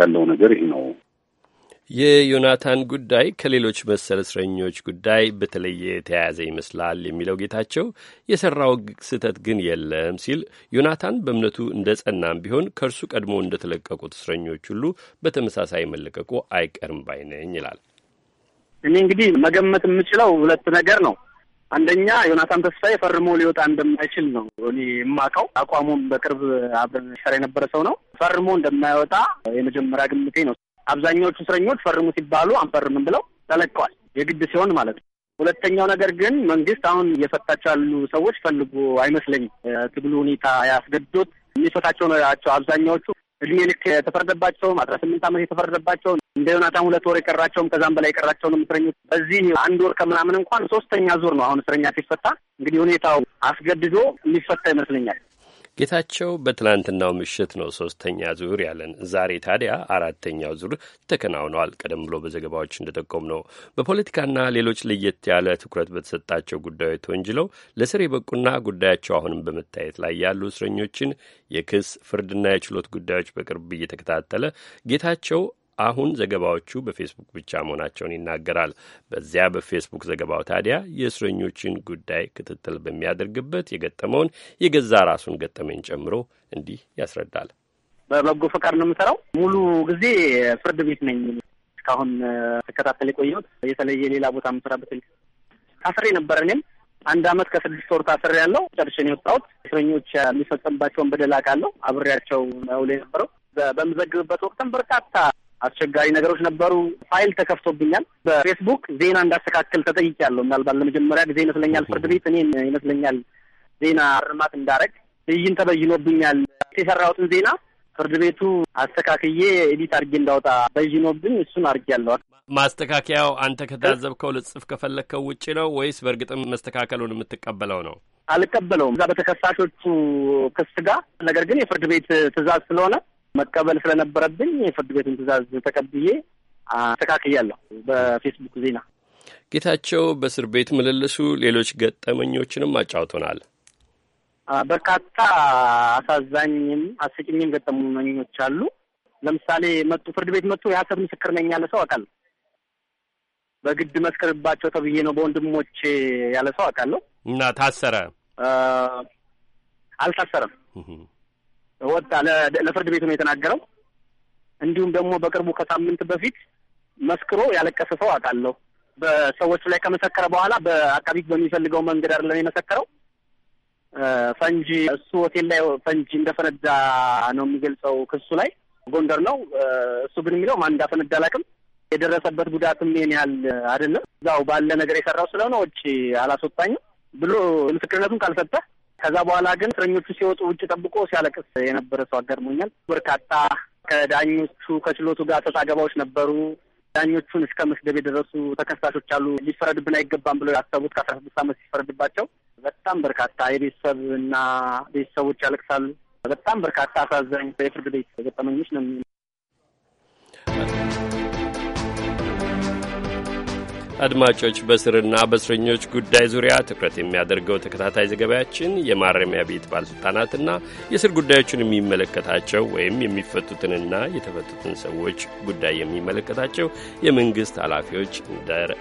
S8: ያለው ነገር ይህ ነው።
S1: የዮናታን ጉዳይ ከሌሎች መሰል እስረኞች ጉዳይ በተለየ የተያያዘ ይመስላል የሚለው ጌታቸው የሰራው ስህተት ግን የለም ሲል ዮናታን በእምነቱ እንደ ጸናም ቢሆን ከእርሱ ቀድሞ እንደተለቀቁት እስረኞች ሁሉ በተመሳሳይ መለቀቁ አይቀርም ባይነኝ ይላል።
S12: እኔ እንግዲህ መገመት የምችለው ሁለት ነገር ነው። አንደኛ ዮናታን ተስፋዬ ፈርሞ ሊወጣ እንደማይችል ነው እኔ የማውቀው። አቋሙን በቅርብ አብረን ሲሰራ የነበረ ሰው ነው። ፈርሞ እንደማይወጣ የመጀመሪያ ግምቴ ነው። አብዛኛዎቹ እስረኞች ፈርሙ ሲባሉ አንፈርምም ብለው ተለቀዋል፣ የግድ ሲሆን ማለት ነው። ሁለተኛው ነገር ግን መንግስት አሁን እየፈታቸው ያሉ ሰዎች ፈልጎ አይመስለኝም። ትግሉ ሁኔታ ያስገድዶት የሚፈታቸው ናቸው። አብዛኛዎቹ እድሜ ልክ የተፈረደባቸውም አስራ ስምንት ዓመት የተፈረደባቸው እንደ ዮናታን ሁለት ወር የቀራቸውም ከዛም በላይ የቀራቸውንም እስረኞች በዚህ አንድ ወር ከምናምን እንኳን ሶስተኛ ዙር ነው አሁን እስረኛ ሲፈታ። እንግዲህ ሁኔታው አስገድዶ የሚፈታ ይመስለኛል።
S1: ጌታቸው በትላንትናው ምሽት ነው ሶስተኛ ዙር ያለን። ዛሬ ታዲያ አራተኛው ዙር ተከናውነዋል። ቀደም ብሎ በዘገባዎች እንደጠቆም ነው በፖለቲካና ሌሎች ለየት ያለ ትኩረት በተሰጣቸው ጉዳዮች ተወንጅለው ለስር የበቁና ጉዳያቸው አሁንም በመታየት ላይ ያሉ እስረኞችን የክስ ፍርድና የችሎት ጉዳዮች በቅርብ እየተከታተለ ጌታቸው አሁን ዘገባዎቹ በፌስቡክ ብቻ መሆናቸውን ይናገራል። በዚያ በፌስቡክ ዘገባው ታዲያ የእስረኞችን ጉዳይ ክትትል በሚያደርግበት የገጠመውን የገዛ ራሱን ገጠመኝ ጨምሮ እንዲህ ያስረዳል።
S12: በበጎ ፈቃድ ነው የምሰራው። ሙሉ ጊዜ ፍርድ ቤት ነኝ። እስካሁን ተከታተል የቆየሁት የተለየ ሌላ ቦታ የምሰራበት ታስሬ ነበር። እኔም አንድ አመት ከስድስት ወር ታስሬ ያለው ጨርሽን የወጣሁት እስረኞች የሚፈጸምባቸውን በደላ ካለው አብሬያቸው ነው የነበረው በምዘግብበት ወቅትም በርካታ አስቸጋሪ ነገሮች ነበሩ። ፋይል ተከፍቶብኛል። በፌስቡክ ዜና እንዳስተካከል ተጠይቄያለሁ። ምናልባት ለመጀመሪያ ጊዜ ይመስለኛል ፍርድ ቤት እኔ ይመስለኛል ዜና እርማት እንዳረግ ብይን ተበይኖብኛል። የሰራሁትን ዜና ፍርድ ቤቱ አስተካክዬ ኤዲት አድርጌ እንዳወጣ በይኖብኝ እሱን አድርጌያለሁ።
S1: ማስተካከያው አንተ ከታዘብከው ልጽፍ ከፈለግከው ውጭ ነው ወይስ በእርግጥም መስተካከሉን የምትቀበለው ነው?
S12: አልቀበለውም። እዛ በተከሳሾቹ ክስ ጋር ነገር ግን የፍርድ ቤት ትዕዛዝ ስለሆነ መቀበል ስለነበረብኝ የፍርድ ቤቱን ትእዛዝ ተቀብዬ አስተካክያለሁ። በፌስቡክ ዜና
S1: ጌታቸው በእስር ቤት ምልልሱ ሌሎች ገጠመኞችንም አጫውቶናል።
S12: በርካታ አሳዛኝም አስቂኝም ገጠመኞች አሉ። ለምሳሌ መጡ ፍርድ ቤት መጡ የሀሰት ምስክር ነኝ ያለ ሰው አውቃለሁ። በግድ መስክርባቸው ተብዬ ነው በወንድሞች ያለ ሰው አውቃለሁ።
S1: እና ታሰረ?
S12: አልታሰረም ወጣ ለፍርድ ቤቱ ነው የተናገረው። እንዲሁም ደግሞ በቅርቡ ከሳምንት በፊት መስክሮ ያለቀሰ ሰው አውቃለሁ። በሰዎች ላይ ከመሰከረ በኋላ በአቃቤ በሚፈልገው መንገድ አይደለም የመሰከረው። ፈንጂ እሱ ሆቴል ላይ ፈንጂ እንደፈነዳ ነው የሚገልጸው ክሱ ላይ። ጎንደር ነው እሱ ግን የሚለው ማን እንዳፈነዳ አላውቅም። የደረሰበት ጉዳትም ይሄን ያህል አይደለም። እዛው ባለ ነገር የሰራው ስለሆነ ውጭ አላስወጣኝም ብሎ ምስክርነቱን ካልሰጠ ከዛ በኋላ ግን እስረኞቹ ሲወጡ ውጭ ጠብቆ ሲያለቅስ የነበረ ሰው አጋጥሞኛል። በርካታ ከዳኞቹ ከችሎቱ ጋር ሰጣ ነበሩ። ዳኞቹን እስከ መስደብ የደረሱ ተከሳሾች አሉ። ሊፈረድብን አይገባም ብለው ያሰቡት ከአስራ ስድስት ዓመት ሲፈረድባቸው በጣም በርካታ የቤተሰብ እና ቤተሰቦች ያለቅሳሉ። በጣም በርካታ አሳዛኝ የፍርድ ቤት ገጠመኞች ነው
S1: አድማጮች በስርና በእስረኞች ጉዳይ ዙሪያ ትኩረት የሚያደርገው ተከታታይ ዘገባያችን የማረሚያ ቤት ባለሥልጣናትና የእስር ጉዳዮችን የሚመለከታቸው ወይም የሚፈቱትንና የተፈቱትን ሰዎች ጉዳይ የሚመለከታቸው የመንግሥት ኃላፊዎች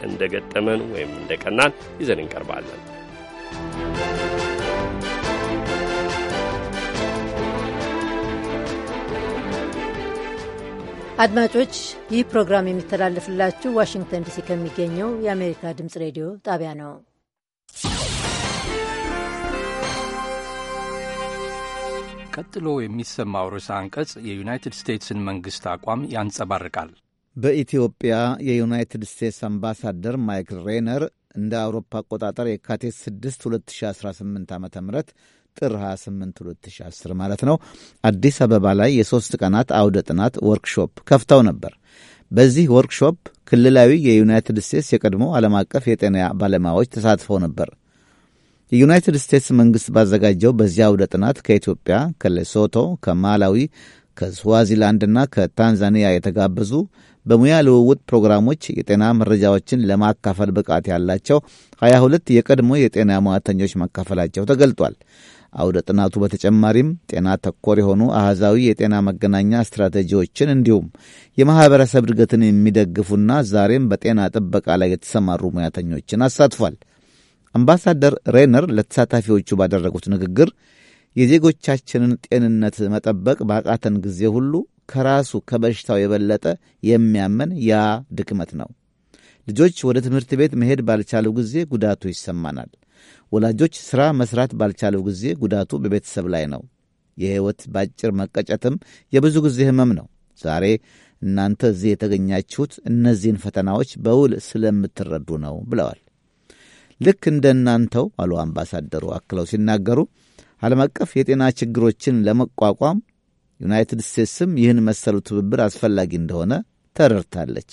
S1: እንደገጠመን ወይም እንደቀናን ይዘን እንቀርባለን።
S2: አድማጮች ይህ ፕሮግራም የሚተላለፍላችሁ ዋሽንግተን ዲሲ ከሚገኘው የአሜሪካ ድምፅ ሬዲዮ ጣቢያ ነው።
S1: ቀጥሎ የሚሰማው ርዕሰ አንቀጽ የዩናይትድ ስቴትስን መንግሥት አቋም ያንጸባርቃል።
S4: በኢትዮጵያ የዩናይትድ ስቴትስ አምባሳደር ማይክል ሬነር እንደ አውሮፓ አቆጣጠር የካቲት 6 2018 ዓ ም ጥር 28 2010 ማለት ነው። አዲስ አበባ ላይ የሦስት ቀናት አውደ ጥናት ወርክሾፕ ከፍተው ነበር። በዚህ ወርክሾፕ ክልላዊ የዩናይትድ ስቴትስ የቀድሞ ዓለም አቀፍ የጤና ባለሙያዎች ተሳትፈው ነበር። የዩናይትድ ስቴትስ መንግሥት ባዘጋጀው በዚያ አውደ ጥናት ከኢትዮጵያ፣ ከሌሶቶ፣ ከማላዊ፣ ከስዋዚላንድና ከታንዛኒያ የተጋበዙ በሙያ ልውውጥ ፕሮግራሞች የጤና መረጃዎችን ለማካፈል ብቃት ያላቸው 22 የቀድሞ የጤና ሙያተኞች መካፈላቸው ተገልጧል። አውደ ጥናቱ በተጨማሪም ጤና ተኮር የሆኑ አህዛዊ የጤና መገናኛ ስትራቴጂዎችን እንዲሁም የማኅበረሰብ እድገትን የሚደግፉና ዛሬም በጤና ጥበቃ ላይ የተሰማሩ ሙያተኞችን አሳትፏል። አምባሳደር ሬነር ለተሳታፊዎቹ ባደረጉት ንግግር የዜጎቻችንን ጤንነት መጠበቅ ባቃተን ጊዜ ሁሉ ከራሱ ከበሽታው የበለጠ የሚያመን ያ ድክመት ነው። ልጆች ወደ ትምህርት ቤት መሄድ ባልቻሉ ጊዜ ጉዳቱ ይሰማናል። ወላጆች ሥራ መሥራት ባልቻለው ጊዜ ጉዳቱ በቤተሰብ ላይ ነው። የሕይወት ባጭር መቀጨትም የብዙ ጊዜ ሕመም ነው። ዛሬ እናንተ እዚህ የተገኛችሁት እነዚህን ፈተናዎች በውል ስለምትረዱ ነው ብለዋል። ልክ እንደ እናንተው አሉ አምባሳደሩ አክለው ሲናገሩ ዓለም አቀፍ የጤና ችግሮችን ለመቋቋም ዩናይትድ ስቴትስም ይህን መሰሉ ትብብር አስፈላጊ እንደሆነ ተረድታለች።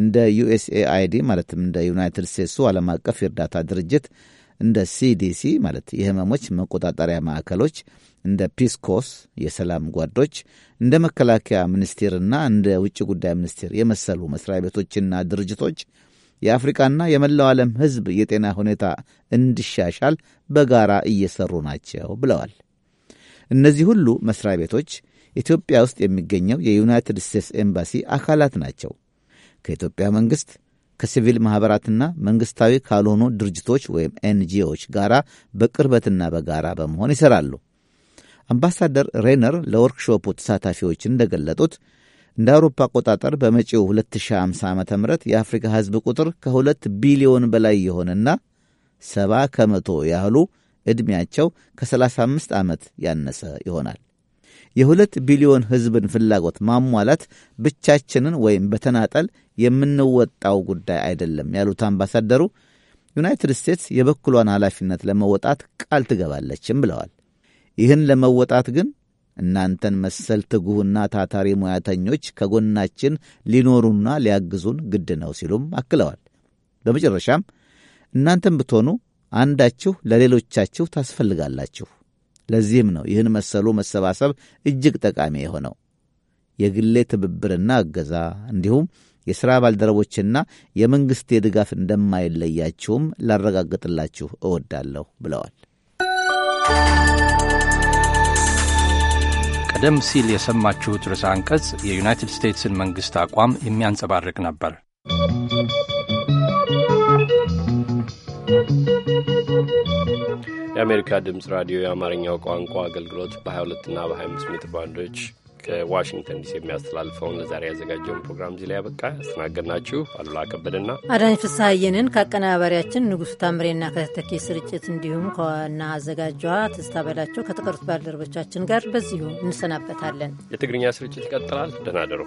S4: እንደ ዩኤስኤአይዲ ማለትም እንደ ዩናይትድ ስቴትሱ ዓለም አቀፍ የእርዳታ ድርጅት እንደ ሲዲሲ ማለት የህመሞች መቆጣጠሪያ ማዕከሎች፣ እንደ ፒስኮስ የሰላም ጓዶች፣ እንደ መከላከያ ሚኒስቴርና እንደ ውጭ ጉዳይ ሚኒስቴር የመሰሉ መስሪያ ቤቶችና ድርጅቶች የአፍሪቃና የመላው ዓለም ህዝብ የጤና ሁኔታ እንዲሻሻል በጋራ እየሰሩ ናቸው ብለዋል። እነዚህ ሁሉ መስሪያ ቤቶች ኢትዮጵያ ውስጥ የሚገኘው የዩናይትድ ስቴትስ ኤምባሲ አካላት ናቸው። ከኢትዮጵያ መንግሥት ከሲቪል ማኅበራትና መንግሥታዊ ካልሆኑ ድርጅቶች ወይም ኤንጂኦዎች ጋር በቅርበትና በጋራ በመሆን ይሠራሉ። አምባሳደር ሬነር ለወርክሾፑ ተሳታፊዎች እንደገለጡት እንደ አውሮፓ አቆጣጠር በመጪው 2050 ዓ ም የአፍሪካ ሕዝብ ቁጥር ከሁለት ቢሊዮን በላይ የሆነና 7 ከመቶ ያህሉ ዕድሜያቸው ከ35 ዓመት ያነሰ ይሆናል። የሁለት ቢሊዮን ሕዝብን ፍላጎት ማሟላት ብቻችንን ወይም በተናጠል የምንወጣው ጉዳይ አይደለም ያሉት አምባሳደሩ ዩናይትድ ስቴትስ የበኩሏን ኃላፊነት ለመወጣት ቃል ትገባለችም ብለዋል። ይህን ለመወጣት ግን እናንተን መሰል ትጉህና ታታሪ ሙያተኞች ከጎናችን ሊኖሩና ሊያግዙን ግድ ነው ሲሉም አክለዋል። በመጨረሻም እናንተን ብትሆኑ አንዳችሁ ለሌሎቻችሁ ታስፈልጋላችሁ። ለዚህም ነው ይህን መሰሉ መሰባሰብ እጅግ ጠቃሚ የሆነው የግሌ ትብብርና እገዛ እንዲሁም የሥራ ባልደረቦችና የመንግሥቴ ድጋፍ እንደማይለያችሁም ላረጋግጥላችሁ እወዳለሁ ብለዋል።
S1: ቀደም ሲል የሰማችሁት ርዕሰ አንቀጽ የዩናይትድ ስቴትስን መንግሥት አቋም የሚያንጸባርቅ ነበር። የአሜሪካ ድምፅ ራዲዮ የአማርኛው ቋንቋ አገልግሎት በ22 ና በ25 ሜትር ባንዶች ከዋሽንግተን ዲሲ የሚያስተላልፈውን ለዛሬ ያዘጋጀውን ፕሮግራም እዚህ ላይ ያበቃ። ያስተናገድናችሁ አሉላ ከበደና አዳኝ
S2: ፍስሐየንን ከአቀናባሪያችን ንጉሱ ታምሬና ከተተኪ ስርጭት እንዲሁም ከዋና አዘጋጇ ትዝታ በላቸው ከተቀሩት ባልደረቦቻችን ጋር በዚሁ እንሰናበታለን።
S1: የትግርኛ ስርጭት ይቀጥላል። ደህና ደሩ።